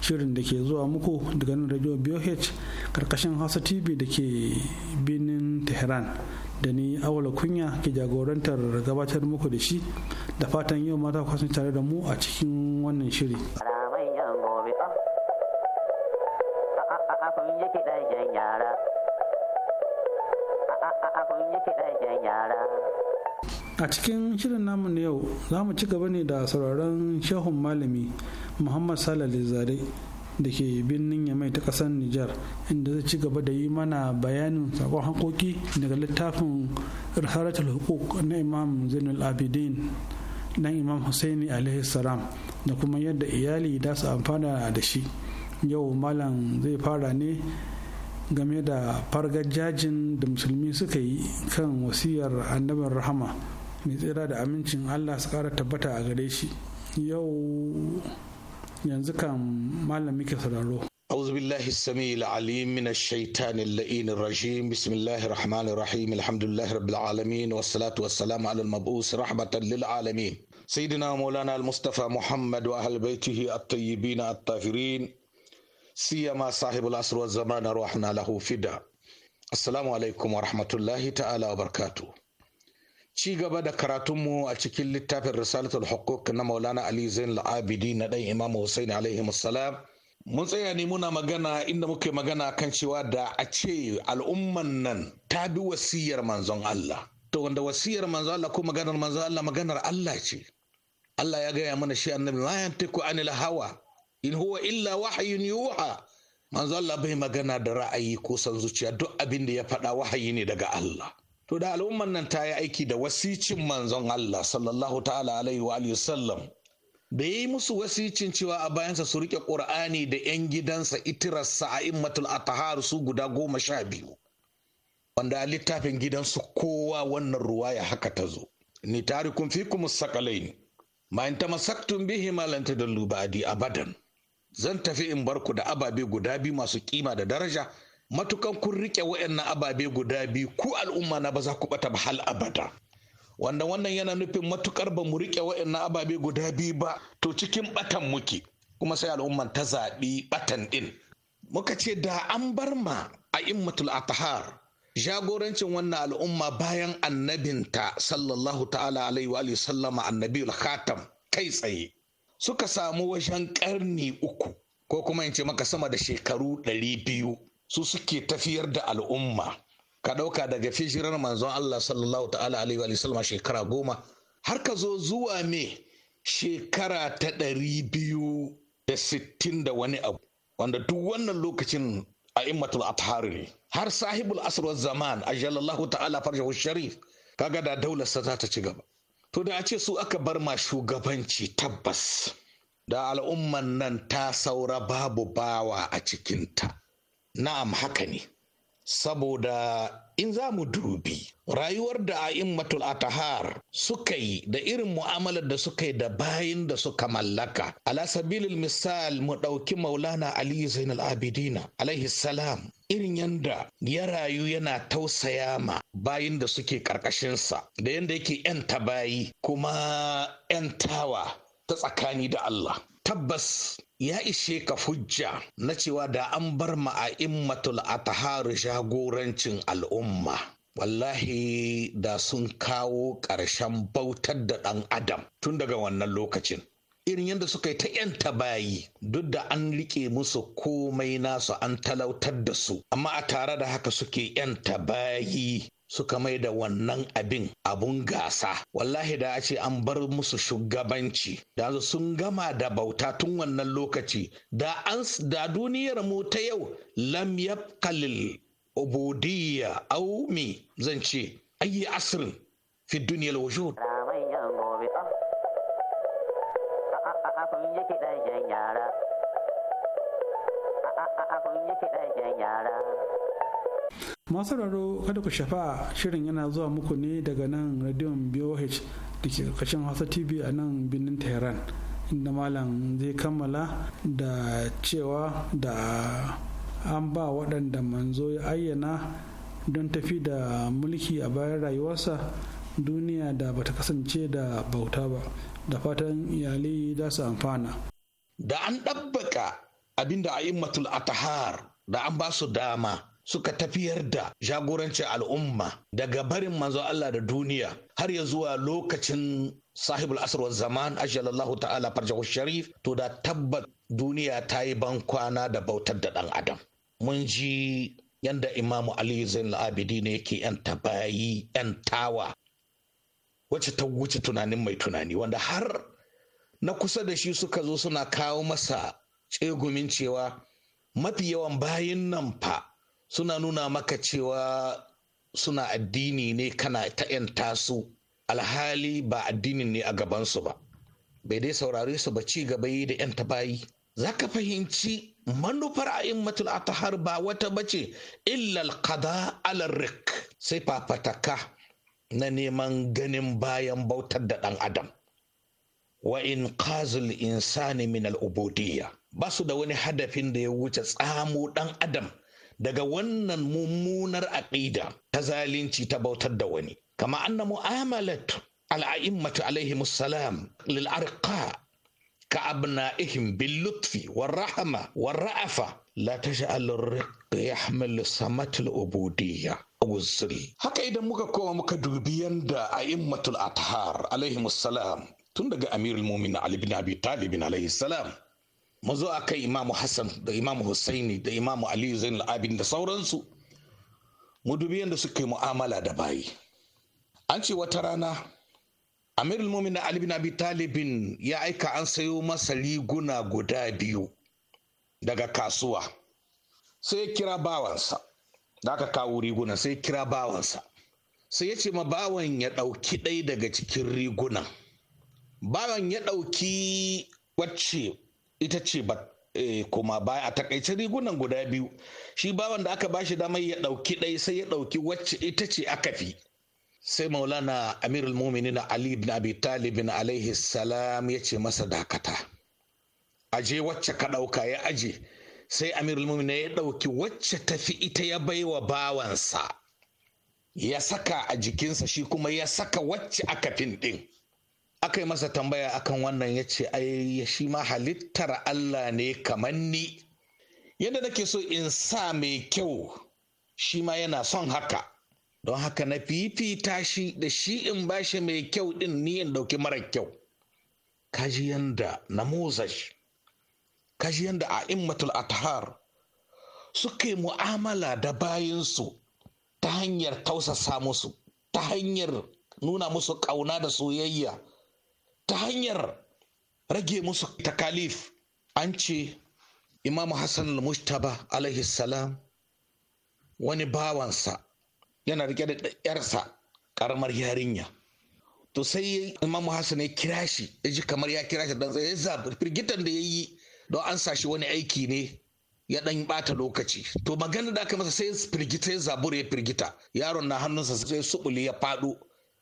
shirin da ke zuwa muku daga nan radio BOH karkashin Hausa TV da ke birnin Tehran da ni awala kunya ke jagorantar gabatar muku da shi da fatan yau mata kwasan tare da mu a cikin wannan shiri. Ah, ah, ah, yara A cikin shirin namu na yau za mu ci gaba ne da sauraron shehun malami Muhammad Salali Zare da ke birnin Yamai ta ƙasar Nijar inda zai ci gaba da yi mana bayanin sakon hankoki daga littafin Irharatul Hukuk na Imam Zainul Abidin dan Imam Husaini alaihi salam da kuma yadda iyali da su amfana da shi. Yau malam zai fara ne game da fargar jajin da musulmi suka yi kan wasiyar annabin rahama mai tsira da amincin allah su kara tabbata a gare shi yau yanzu kan malam muke sauraro أعوذ بالله السميع العليم من الشيطان اللئين الرجيم بسم الله الرحمن الرحيم الحمد لله رب العالمين والصلاة والسلام على المبعوث رحمة للعالمين سيدنا مولانا المصطفى محمد وأهل بيته الطيبين الطاهرين siyama sahibul asr ruwa ruhna lahu fida assalamu alaikum wa rahmatullahi ta'ala wa barkatu. ci gaba da karatunmu a cikin littafin risalatul hukuk na maulana ali zain al-abidi na dan imam hussein alaihi salam mun tsaya ne muna magana inda muke magana kan cewa da a ce al'umman nan ta bi wasiyar manzon Allah to wanda wasiyar manzon Allah ko maganar manzon Allah maganar Allah ce Allah ya gaya mana shi annabi ma yantiku anil hawa in huwa illa wahayin yuha manzo Allah bai magana da ra'ayi ko san zuciya duk abin da ya faɗa wahayi ne daga Allah to da al'umman nan ta yi aiki da wasicin manzon Allah sallallahu ta'ala alaihi wa sallam da yi musu wasicin cewa a bayansa su rike ƙur'ani da 'yan gidansa itirarsa a immatul atahar su guda goma sha biyu wanda a littafin gidansu kowa wannan ruwaya haka ta zo ni tarikum fikum as-saqalain ma in tamassaktum bihi ma lan tadallu ba'di abadan zan tafi in barku da ababe guda biyu masu kima da daraja matukan kun rike waɗannan ababe guda biyu ku al'umma na ba za ku bata ba hal abada wanda wannan yana nufin matukar ba mu rike waɗannan ababe guda biyu ba to cikin batan muke kuma sai al'umman ta zaɓi batan ɗin muka ce da an bar ma a immatul atahar jagorancin wannan al'umma bayan annabinta sallallahu ta'ala alaihi wa sallama annabiyul khatam kai tsaye suka samu wajen karni uku ko kuma in ce maka sama da shekaru ɗari biyu su suke tafiyar da al'umma ka ɗauka daga fijirar manzon Allah sallallahu ta'ala alaihi wa shekara goma har ka zo zuwa me shekara ta ɗari biyu da sittin da wani abu wanda duk wannan lokacin a immatul athari ne har sahibul asr zaman ajalallahu ta'ala farjahu sharif kaga da daular sa ta ci gaba To da a ce su aka bar ma shugabanci tabbas da al'umman nan ta saura babu bawa a cikinta. Na'am haka ne, saboda in za mu dubi rayuwar da a'immatul atahar suka yi da irin mu'amalar da suka yi da bayan da suka mallaka. Ala sabilil misal mu ɗauki maulana Ali Zainal Abidina alaihi salam irin yanda ya rayu yana tausaya ma bayin da suke ƙarƙashinsa da yanda yake 'yanta bayi kuma 'yantawa ta tsakani da Allah. Tabbas ya ishe ka hujja na cewa da an bar ma'a'immatul atahar jagorancin al'umma. Wallahi da sun kawo ƙarshen bautar da ɗan Adam tun daga wannan lokacin. irin yadda suka yi ta 'yanta bayi duk da an rike musu komai nasu an talautar da su amma a tare da haka suke 'yanta bayi suka mai da wannan abin abun gasa wallahi da a ce an bar musu shugabanci da sun gama da bauta tun wannan lokaci da an da duniyar mu ta yau lam yabqalil ubudiyya au mi zan ce ayi asrin fi duniyar wujud kun yara. Masu raro kada ku shafa shirin yana zuwa muku ne daga nan radiyon BOH da ke ƙarƙashin Hausa TV a nan birnin Tehran. inda malam zai kammala da cewa da an ba waɗanda manzo ya ayyana don tafi da mulki a bayan rayuwarsa duniya da bata kasance da bauta ba da fatan iyali za su amfana da an ɗabbaƙa abinda a'immatul atahar da an ba su dama suka tafiyar da jagorancin al'umma daga barin manzo Allah da duniya har ya zuwa lokacin sahibul asr wa zaman ajalallahu ta'ala farjahu sharif to da tabbat duniya ta yi ban kwana da bautar da ɗan adam mun ji yanda imamu ali zain abidi ne yake yan tabayi yan tawa wacce ta wuce tunanin mai tunani wanda har na kusa da shi suka zo suna kawo masa tsegumin cewa mafi yawan bayan nan fa suna nuna maka cewa suna addini ne kana ta 'yan tasu alhali ba addinin ne a gabansu ba bai dai saurare su ba ci gaba yi da 'yan bayi za ka fahimci manufar a'immatul har ba wata bace illal qada ala sai fafataka na neman ganin bayan bautar da ɗan adam wa in qazil insani min al'ubudiyya ba su da wani hadafin da ya wuce tsamo ɗan adam daga wannan mummunar aƙida ta zalunci ta bautar da wani kama anna mu'amalat al'a'immatu alaihi musallam lil arqa ka abna'ihim bil lutfi war rahama war ra'afa la tash'al ar-riq yahmil samat al-ubudiyya wuzuri. haka idan muka koma muka dubi a a'immatul athar alaihi salam tun daga amirul mumin ali bin abi talib alaihi salam mu zo akan imamu hassan da imamu husaini da imamu aliyu zainul abin da sauransu mu dubi yadda suka yi mu'amala da bayi an ce wata rana amirul mumin ali bin abi talibin ya aika an sayo masa riguna guda biyu daga kasuwa sai ya kira bawansa da aka kawo riguna sai kira bawansa sai ya ce ma bawan ya ɗauki ɗaya daga cikin riguna bawan ya ɗauki wacce ita ce ba eh, kuma ba a takaice rigunan guda biyu shi bawan da aka bashi dama ya ɗauki ɗaya sai ya ɗauki wacce ita ce aka fi sai maulana amirul muminin ali ibn abi talibin alaihi salam ya ce masa dakata aje wacce ka ɗauka ya aje sai amirul mumina ya ɗauki wacce tafi ita ya baiwa bawansa ya saka a jikinsa shi kuma ya saka wacce aka fin ɗin aka yi masa tambaya akan wannan ya ce ai shi ma halittar allah ne kamar ni yadda nake so in sa mai kyau shi ma yana son haka don haka na fifita shi da shi in bashi mai kyau ɗin ni in ɗauki mara kyau kaji yanda na motsa shi kashi yadda a immatul athar suke mu'amala da bayansu ta hanyar tausasa musu ta hanyar nuna musu ƙauna da soyayya ta hanyar rage musu takalif an ce imam hassan al-mustaba alaihi salam wani bawansa yana rike da yarsa ƙaramar yarinya to sai imam hassan ya kira shi ya ji kamar ya kira shi dan tsaye ya firgitan da ya yi don an sashi wani aiki ne ya dan bata lokaci to magana da aka masa sai firgita ya zabura ya firgita yaron na hannunsa sai subuli ya faɗo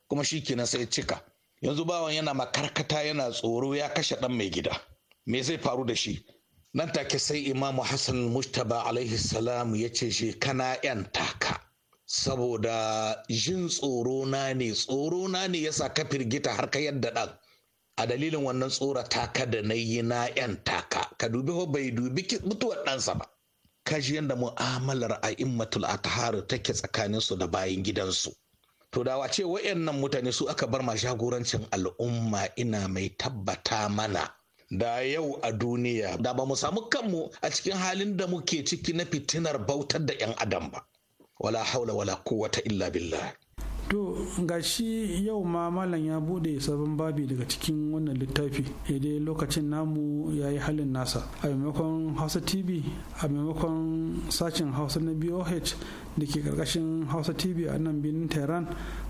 kuma shi kenan sai cika yanzu bawan yana makarkata yana tsoro ya kashe dan mai gida me zai faru da shi nan take sai imamu hassan mustaba alaihi salam ya ce shi kana yan taka saboda jin tsoro na ne tsoro na ne yasa ka firgita har ka yadda dan a dalilin wannan tsorata ka da na yi na yan taka ka dubi ko bai dubi mutuwar ɗansa ba kashi yadda mu'amalar a immatul ataharu take su da bayan gidansu to da wace wayannan mutane su aka bar ma shagorancin al'umma ina mai tabbata mana da yau a duniya da ba mu samu kanmu a cikin halin da muke ciki na fitinar bautar da 'yan adam ba wala haula wala quwwata illa billah to ga shi yau ma malam ya bude sabon babi daga cikin wannan littafi eh dai lokacin namu ya yi halin nasa a maimakon hausa tv a maimakon sashen hausa na boh da ke karkashin hausa tv a nan birnin tehran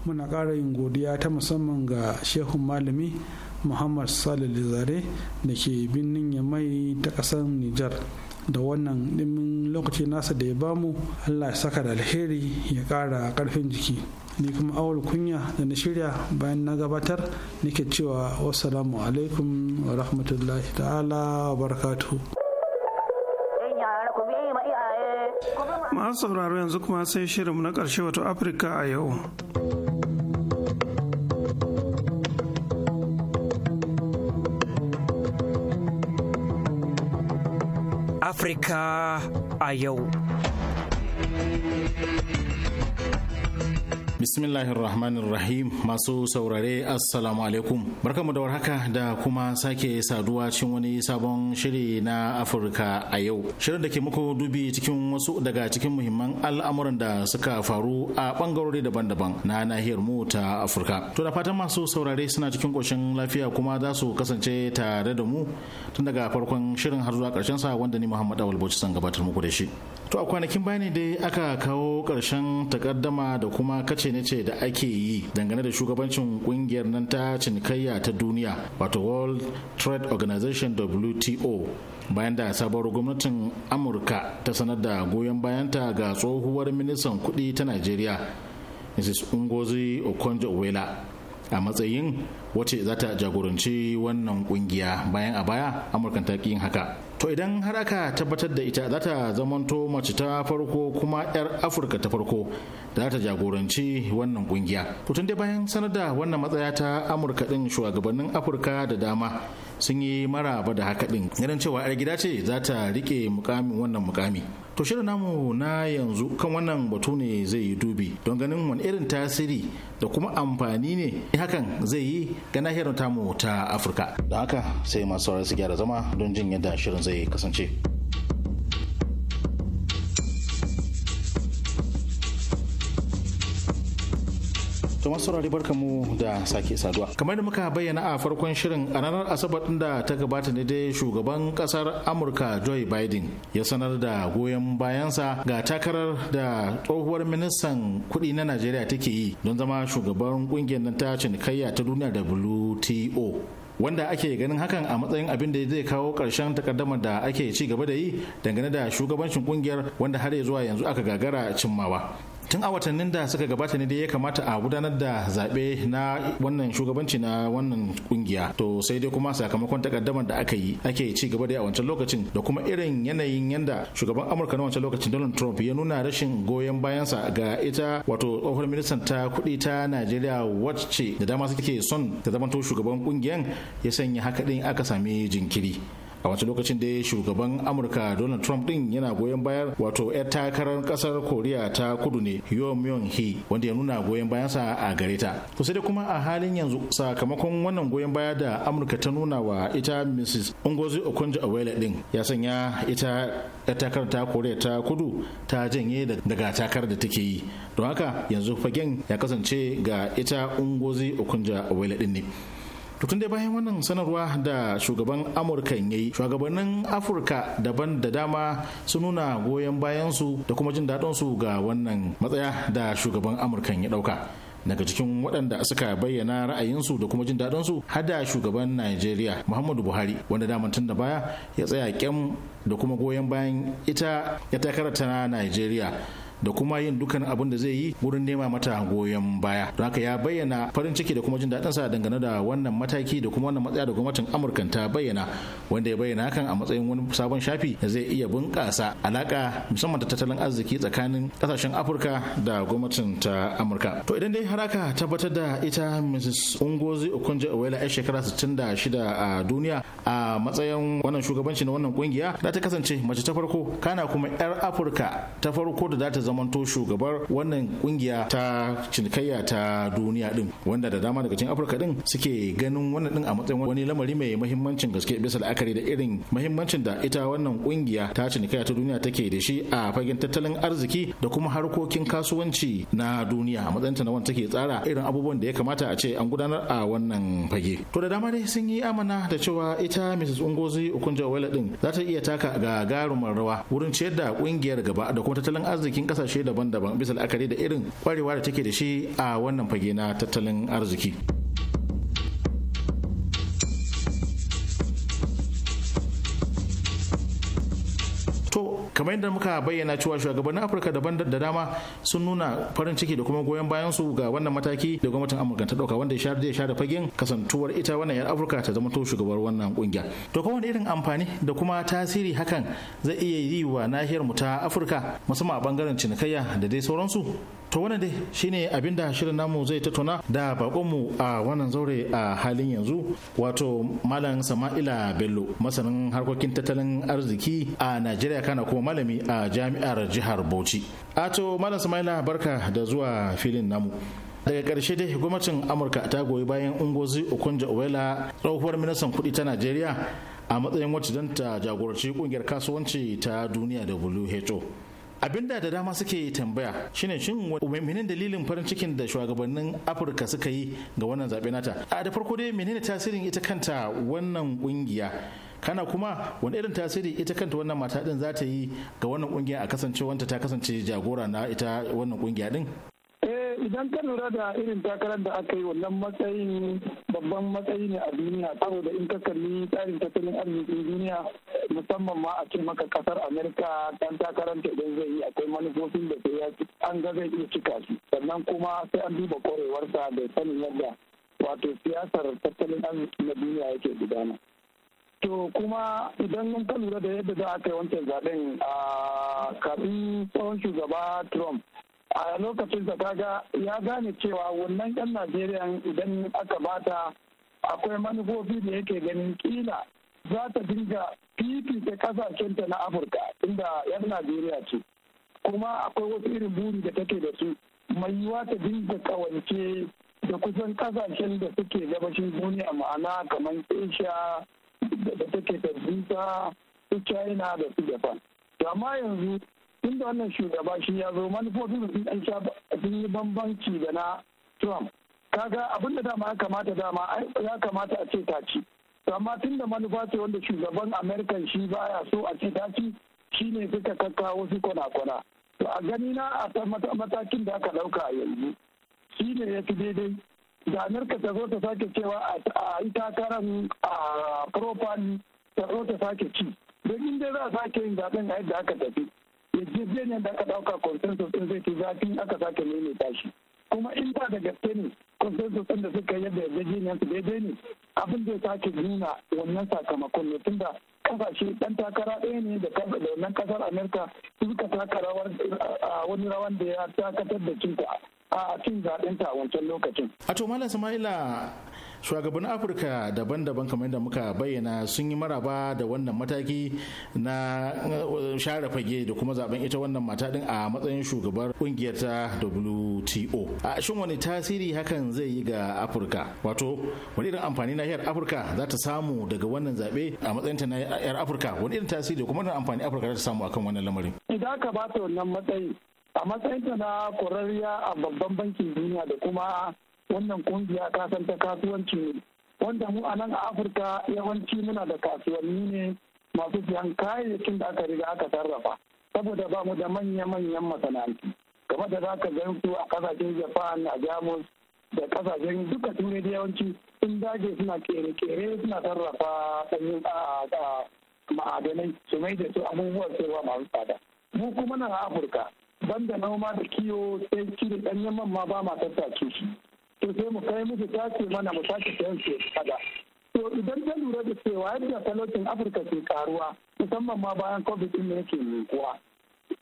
muna ƙara yin godiya ta musamman ga shehun malami muhammad salih zare da ke birnin yamai ta ƙasar nijar da wannan ɗimin lokaci nasa da ya bamu allah ya saka da alheri ya ƙara ƙarfin jiki ni kuma awal kunya da na shirya bayan na gabatar nake cewa wasalamu alaikum wa rahmatullahi ta'ala wa barakatu masu sauraro yanzu kuma sai shirin na ƙarshe wato afirka a yau afirka a yau bismillahir rahmanir rahim masu saurare assalamu alaikum barkamu da warhaka da kuma sake saduwa cikin wani sabon shiri na afirka a yau shirin da ke muku dubi cikin wasu daga cikin muhimman al'amuran da suka faru a bangarori daban-daban na nahiyar mu ta afirka to da fatan masu saurare suna cikin koshin lafiya kuma za su kasance tare da mu tun daga farkon shirin har zuwa karshen sa wanda ni muhammad awal bauchi san gabatar muku da shi to a kwanakin bayani dai aka kawo karshen takaddama da kuma kace ce da ake yi dangane da shugabancin kungiyar nan ta cinikayya ta duniya wato world trade organization wto bayan da sabuwar gwamnatin amurka ta sanar da goyon bayanta ga tsohuwar ministan kudi ta najeriya mrs Ngozi okonjo-iweala a matsayin wacce za ta jagoranci wannan kungiya bayan a baya amurka ta yin haka to idan har aka tabbatar da ita za ta zamanto mace ta farko kuma 'yar afirka ta farko da za ta jagoranci wannan kungiya to tun dai bayan sanar da wannan matsaya ta amurka din shugabannin afirka da dama sun yi maraba da haka din ganin cewa 'yar gida ce za ta rike mukamin wannan mukami To shirin namu na yanzu kan wannan batu ne zai yi dubi don ganin wani irin tasiri da kuma amfani ne hakan zai yi ga nahiyar tamu ta Afirka. Don haka sai masu sauran su gyara zama don jin yadda shirin zai kasance. masu barka mu da sake saduwa. Kamar da muka bayyana a farkon shirin a ranar Asabar din da ta gabata ne dai shugaban kasar Amurka Joe Biden ya sanar da goyon bayansa ga takarar da tsohuwar ministan kuɗi na Najeriya take yi don zama shugaban kungiyar ta cinikayya ta duniya WTO. wanda ake ganin hakan a matsayin abin da zai kawo karshen takaddamar da ake ci gaba da yi dangane da shugabancin kungiyar wanda har zuwa yanzu aka gagara cimmawa tun a watannin da suka gabata ne dai ya kamata a gudanar da zaɓe na wannan shugabanci na wannan kungiya to sai dai kuma sakamakon takaddamar da aka yi ake ci gaba da a wancan lokacin da kuma irin yanayin yanda shugaban amurka na wancan lokacin donald trump ya nuna rashin goyon bayansa ga ita wato tsohon ministan ta kuɗi ta najeriya wacce da dama suke son ta zamanto shugaban kungiyan ya sanya haka din aka sami jinkiri a wata lokacin da shugaban amurka donald trump din yana goyon bayar wato 'yar takarar kasar koriya ta kudu ne yom he wanda ya nuna goyon bayansa a gare ta to sai dai kuma a halin yanzu sakamakon wannan goyon baya da amurka ta nuna wa ita mrs ngozi okonjo iweala din ya sanya ita 'yar takarar ta koriya ta kudu ta janye daga takarar da take yi don haka yanzu fagen ya kasance ga ita ngozi okonjo iweala din ne tun dai bayan wannan sanarwa da shugaban Amurka ya yi, shugabannin Afirka daban da dama sun nuna goyon bayansu da kuma jin su ga wannan matsaya da shugaban Amurka ya ɗauka. daga cikin waɗanda suka bayyana ra'ayinsu da kuma jin daɗinsu hada shugaban Najeriya Muhammadu Buhari wanda daman tun da baya ya tsaya kyam da kuma goyon bayan ita ya takara ta Najeriya da kuma yin dukkan abin da zai yi wurin nema mata goyon baya don haka ya bayyana farin ciki da kuma jin daɗin sa dangane da wannan mataki da kuma wannan matsaya da gwamnatin amurka ta bayyana wanda ya bayyana hakan a matsayin wani sabon shafi da zai iya bunƙasa alaka musamman da tattalin arziki tsakanin ƙasashen afirka da gwamnatin ta amurka to idan dai har aka tabbatar da ita mrs ungozi okonjo iweala yar shekara 66 a duniya a matsayin wannan shugabanci na wannan kungiya za ta kasance mace ta farko kana kuma yar afirka ta farko da za ta zama zamanto shugabar wannan kungiya ta cinikayya ta duniya din wanda da dama daga cikin afirka din suke ganin wannan din a matsayin wani lamari mai muhimmancin gaske bisa la'akari da irin mahimmancin da ita wannan kungiya ta cinikayya ta duniya take da shi a fagen tattalin arziki da kuma harkokin kasuwanci na duniya a matsayin ta na wanda take tsara irin abubuwan da ya kamata a ce an gudanar a wannan fage to da dama dai sun yi amana da cewa ita Mrs. Ungozi Okonjo-Iweala din za ta iya taka gagarumar rawa wurin ciyar da kungiyar gaba da kuma tattalin arzikin kasar kasashe daban-daban bisa la'akari da irin kwarewa da take da shi a wannan fage na tattalin arziki. kamar yadda muka bayyana cewa shugabannin afirka daban da dama sun nuna farin ciki da kuma goyon bayan su ga wannan mataki da gwamnatin amurka ta dauka wanda ya zai share fagen kasantuwar ita wannan yar afirka ta zama to shugabar wannan kungiya to kuma wani irin amfani da kuma tasiri hakan zai iya yi wa nahiyar mu ta afirka musamman a bangaren cinikayya da dai sauransu to wannan dai shine da shirin namu zai tattauna da bakonmu a wannan zaure a halin yanzu wato malam sama'ila bello masanin harkokin tattalin arziki a najeriya kana kuma malami a jami'ar jihar bauchi a to malam sama'ila barka da zuwa filin namu daga ƙarshe dai gwamnatin amurka ta goyi bayan ungozi okonja uwela tsohuwar ministan kuɗi ta najeriya a matsayin wacce don ta jagoranci ƙungiyar kasuwanci ta duniya who Abin da dama suke tambaya shine shin menene dalilin farin cikin da shugabannin afirka suka yi ga wannan zaɓe nata a da farko dai menene tasirin ita kanta wannan ƙungiya kana kuma wani irin tasiri ita kanta wannan mata din za ta yi ga wannan kungiya a kasancewanta ta kasance jagora na ita wannan kungiya din eh idan ka lura da irin takarar da aka yi wannan matsayin babban matsayi ne a duniya saboda in ka kalli tsarin tattalin arzikin duniya musamman ma a cikin maka kasar amerika dan takarar ta idan zai yi akwai manufofin da sai ya an ga zai iya cika su sannan kuma sai an duba kwarewarsa da sanin yadda wato siyasar tattalin arziki na duniya yake gudana To kuma idan mun ka lura da yadda za a kai wancan zaben a kafin tsawon shugaba Trump a lokacin da kaga ya gane cewa wannan yan najeriya idan aka bata akwai manufofi da yake ganin kila za ta dinga fifita ta na afirka inda yan najeriya ce kuma akwai wasu irin buri da take da su mai yiwa ta dinga kawance da kusan kasashen da suke gabashin duniya ma'ana kamar asia da take tabbisa su china da su japan to amma yanzu tun wannan shugaba shi ya zo manufofin sun an sha sun yi bambanci da na trump kaga abin da dama ya kamata dama ya kamata a ce ta ci amma tun da manufa ce wanda shugaban America shi baya so a ce ta ci shine suka kakkawo wasu kwana-kwana to a gani na a matakin da aka dauka yanzu shi ne ya fi daidai da amurka ta zo ta sake cewa a yi takarar a propan ta zo ta sake ci don inda za a sake yin zaben a yadda aka tafi yarjejeniyar da aka dauka consensus din zai ci zafi aka sake maimaita shi kuma in ba da gaske ne consensus din da suka yadda yarjejeniyar su daidai ne abin zai sake nuna wannan sakamakon ne tunda kasashe dan takara ɗaya ne da wannan kasar amerika suka taka rawar wani rawan da ya dakatar da cinta a cin zaɓen ta a wancan lokacin. a to malam sama'ila shugaban afirka daban-daban kamar da muka bayyana sun yi maraba da wannan mataki na uh, share fage da kuma zaben ita wannan mata din a matsayin shugabar kungiyar ta wto a shin wani tasiri hakan zai yi ga afirka wato wani irin amfani na yar afirka za ta samu daga wannan zabe a matsayin ta na yar afirka wani irin tasiri kuma irin amfani afirka za ta samu akan wannan lamarin idan ka ba ta wannan matsayi a matsayin ta na kwararriya a babban bankin duniya da kuma wannan kungiya ta san ta kasuwanci ne wanda mu a nan a afirka yawanci muna da kasuwanni ne masu siyan kayayyakin da aka riga aka sarrafa saboda ba mu da manya-manyan masana'antu kamar da za ka gansu a kasashen japan a jamus da kasashen duka turai da yawanci sun dage suna kere-kere suna sarrafa sanyin ma'adanai su mai da su abubuwan sayarwa masu tsada mu kuma nan a afirka banda noma da kiwo sai cire ɗanyen man ma ba ma tattace shi to sai mu kai musu tace mana mu tashi sayan su kada to idan ta lura da cewa yadda talaucin afirka ke karuwa musamman ma bayan covid din yake kuwa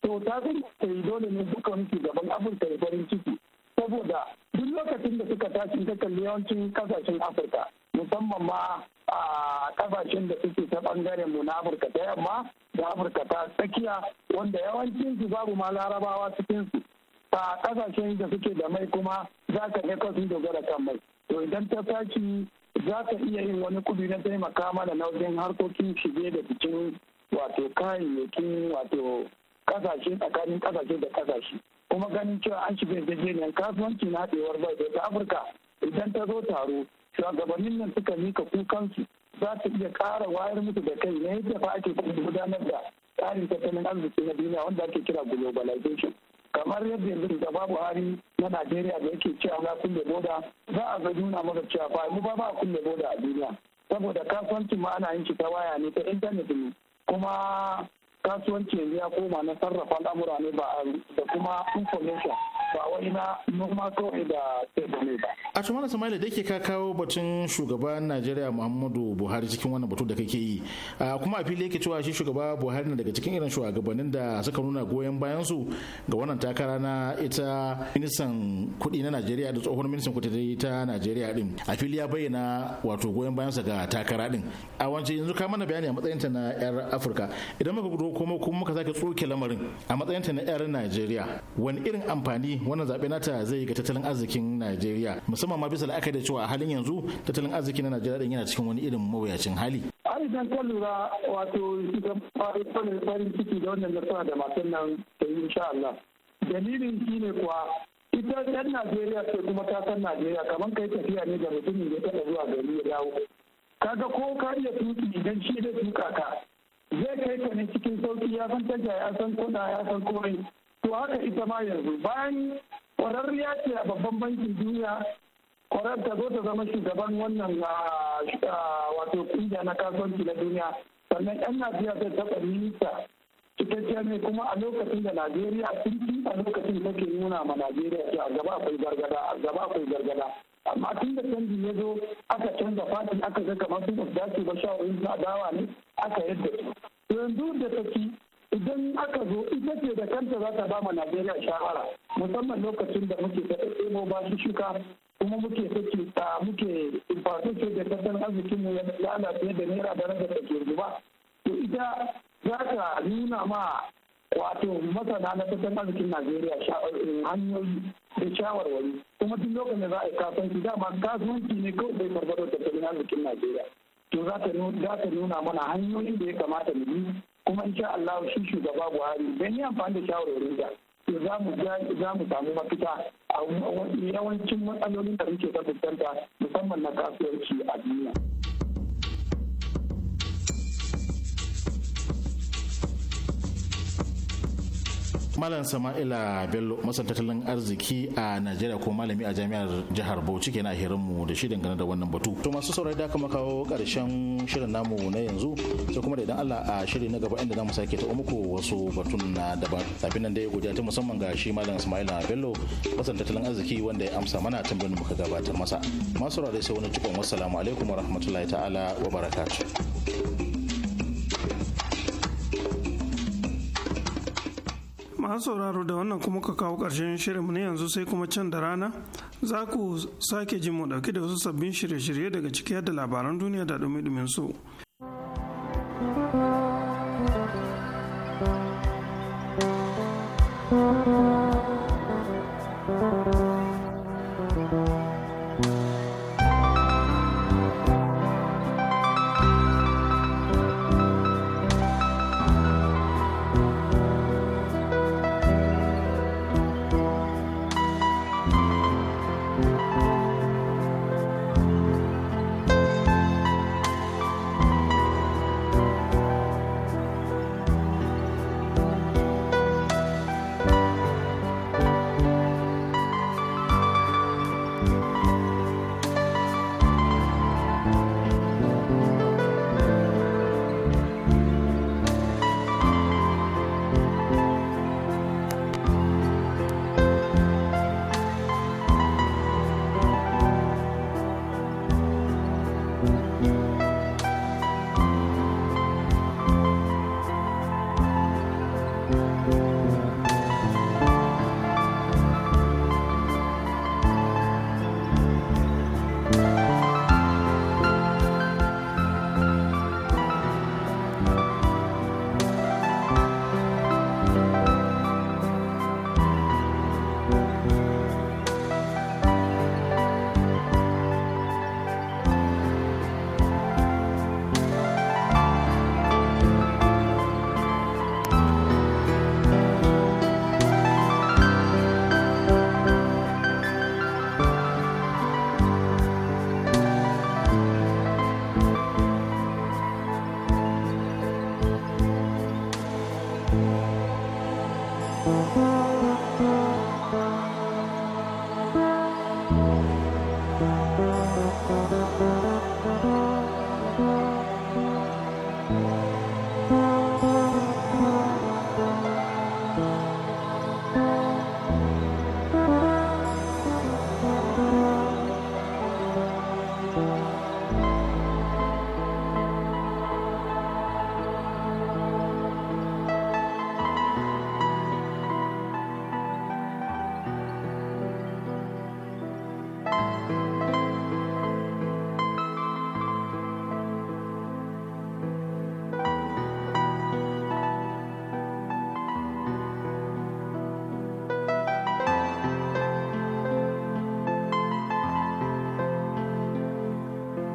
to ta zan ta yi dole ne wani gaban afirka ya farin ciki saboda duk lokacin da suka tashi ta kalli yawancin kasashen afirka musamman ma a kasashen da suke ta bangare mu na afirka ta yamma da afirka ta tsakiya wanda yawancin su babu ma larabawa cikin su a kasashen da suke da mai kuma za ka ne kasu dogara kan mai to idan ta tashi za ka iya yin wani kudi na taimaka mana na harkokin shige da cikin wato kayayyakin wato kasashe tsakanin kasashe da kasashe kuma ganin cewa an shiga yarjejeniyar kasuwanci na haɗewar bai da afirka idan ta zo taro shugabannin nan suka mika kukansu za ta iya ƙara wayar musu da kai na yadda fa ake gudanar da tsarin tattalin arziki na duniya wanda ake kira globalization kamar yadda yanzu shugaba buhari na najeriya da yake cewa na kulle boda za a ga nuna masa cewa ba mu ba ba kulle boda a duniya saboda kasuwanci ma ana yin shi ta waya ne ta intanet ne kuma kasuwanci yanzu ya koma na sarrafa al'amura ne ba da kuma information ba wai na noma kawai da ke ba. a samari da ke ka kawo batun shugaban najeriya muhammadu buhari cikin wannan batu da kake yi kuma a fili yake cewa shi shugaba buhari na daga cikin irin shugabannin da suka nuna goyon bayan su ga wannan takara na ita ministan kuɗi na najeriya da tsohon ministan kuɗi ta najeriya din a fili ya bayyana wato goyon bayan sa ga takara din a wancan yanzu ka mana bayani a ta na yar afirka idan muka gudu kuma kuma muka sake tsoke lamarin a matsayinta na yar najeriya wani irin amfani wannan zaɓe nata zai yi ga tattalin arzikin najeriya musamman ma bisa la'akari da cewa a halin yanzu tattalin arziki na najeriya din yana cikin wani irin mawuyacin hali idan ka lura wato shugaban farin ciki da wannan nasara da matan nan ta yi insha Allah dalilin shi ne kuwa ita ɗan Najeriya ce kuma ta san Najeriya kamar kai tafiya ne da mutumin ya taɓa zuwa gari ya dawo ga ko ka iya tuki idan shi da tuka ka zai kai ka ne cikin sauki ya san ta jaya ya san kuna ya san komai to haka ita ma yanzu bayan kwararriya ce a babban bankin duniya kwarar ta zo ta zama shugaban wannan ah, ah, wato kungiya na kasuwanci na duniya sannan yan najeriya zai taɓa minista cikakken ne kuma a lokacin da najeriya fi a lokacin da ke nuna ma najeriya cewa gaba akwai gargada gaba akwai gargada amma tun da canji ya zo aka canza fati aka ga kamar sun dace ba shawarin dawa ne aka yadda su yanzu da ta ci idan aka zo ita ce da kanta za ta bama najeriya shahara musamman lokacin da muke da ɗebo ba shi shuka kuma muke sake ta muke ce da tattalin arzikin mu ya lalace da naira da rage take zuba to ita za ta nuna ma wato masana na tattalin arzikin najeriya hanyoyi da shawarwari kuma duk lokacin da za a yi kasuwanci dama kasuwanci ne kawai bai farfado tattalin arzikin najeriya to za ta nuna mana hanyoyin da ya kamata mu yi. kuma in sha Allah shi shugaba Buhari dan ya amfani da shawarwarin da za mu za samu mafita a yawancin matsalolin da muke fuskanta musamman na kasuwanci a duniya. malam sama'ila bello masan tattalin arziki a najeriya ko malami a jami'ar jihar bauchi kenan a mu da shi dangane da wannan batu to masu saurari da kuma kawo karshen shirin namu na yanzu sai kuma da idan allah a shiri na gaba inda zamu sake ta'o muku wasu batun na daban tafin nan dai godiya ta musamman ga shi malam sama'ila bello masan tattalin arziki wanda ya amsa mana tambayoyin muka gabatar masa masu saurari sai wani cikon wassalamu alaikum warahmatullahi ta'ala wa barakatuh masu sauraro da wannan kuma ka kawo ƙarshen shirinmu ne yanzu sai kuma can da rana za ku sake jin mu ɗauki da wasu sabbin shirye-shirye daga ciki da labaran duniya da ɗumi-ɗumin su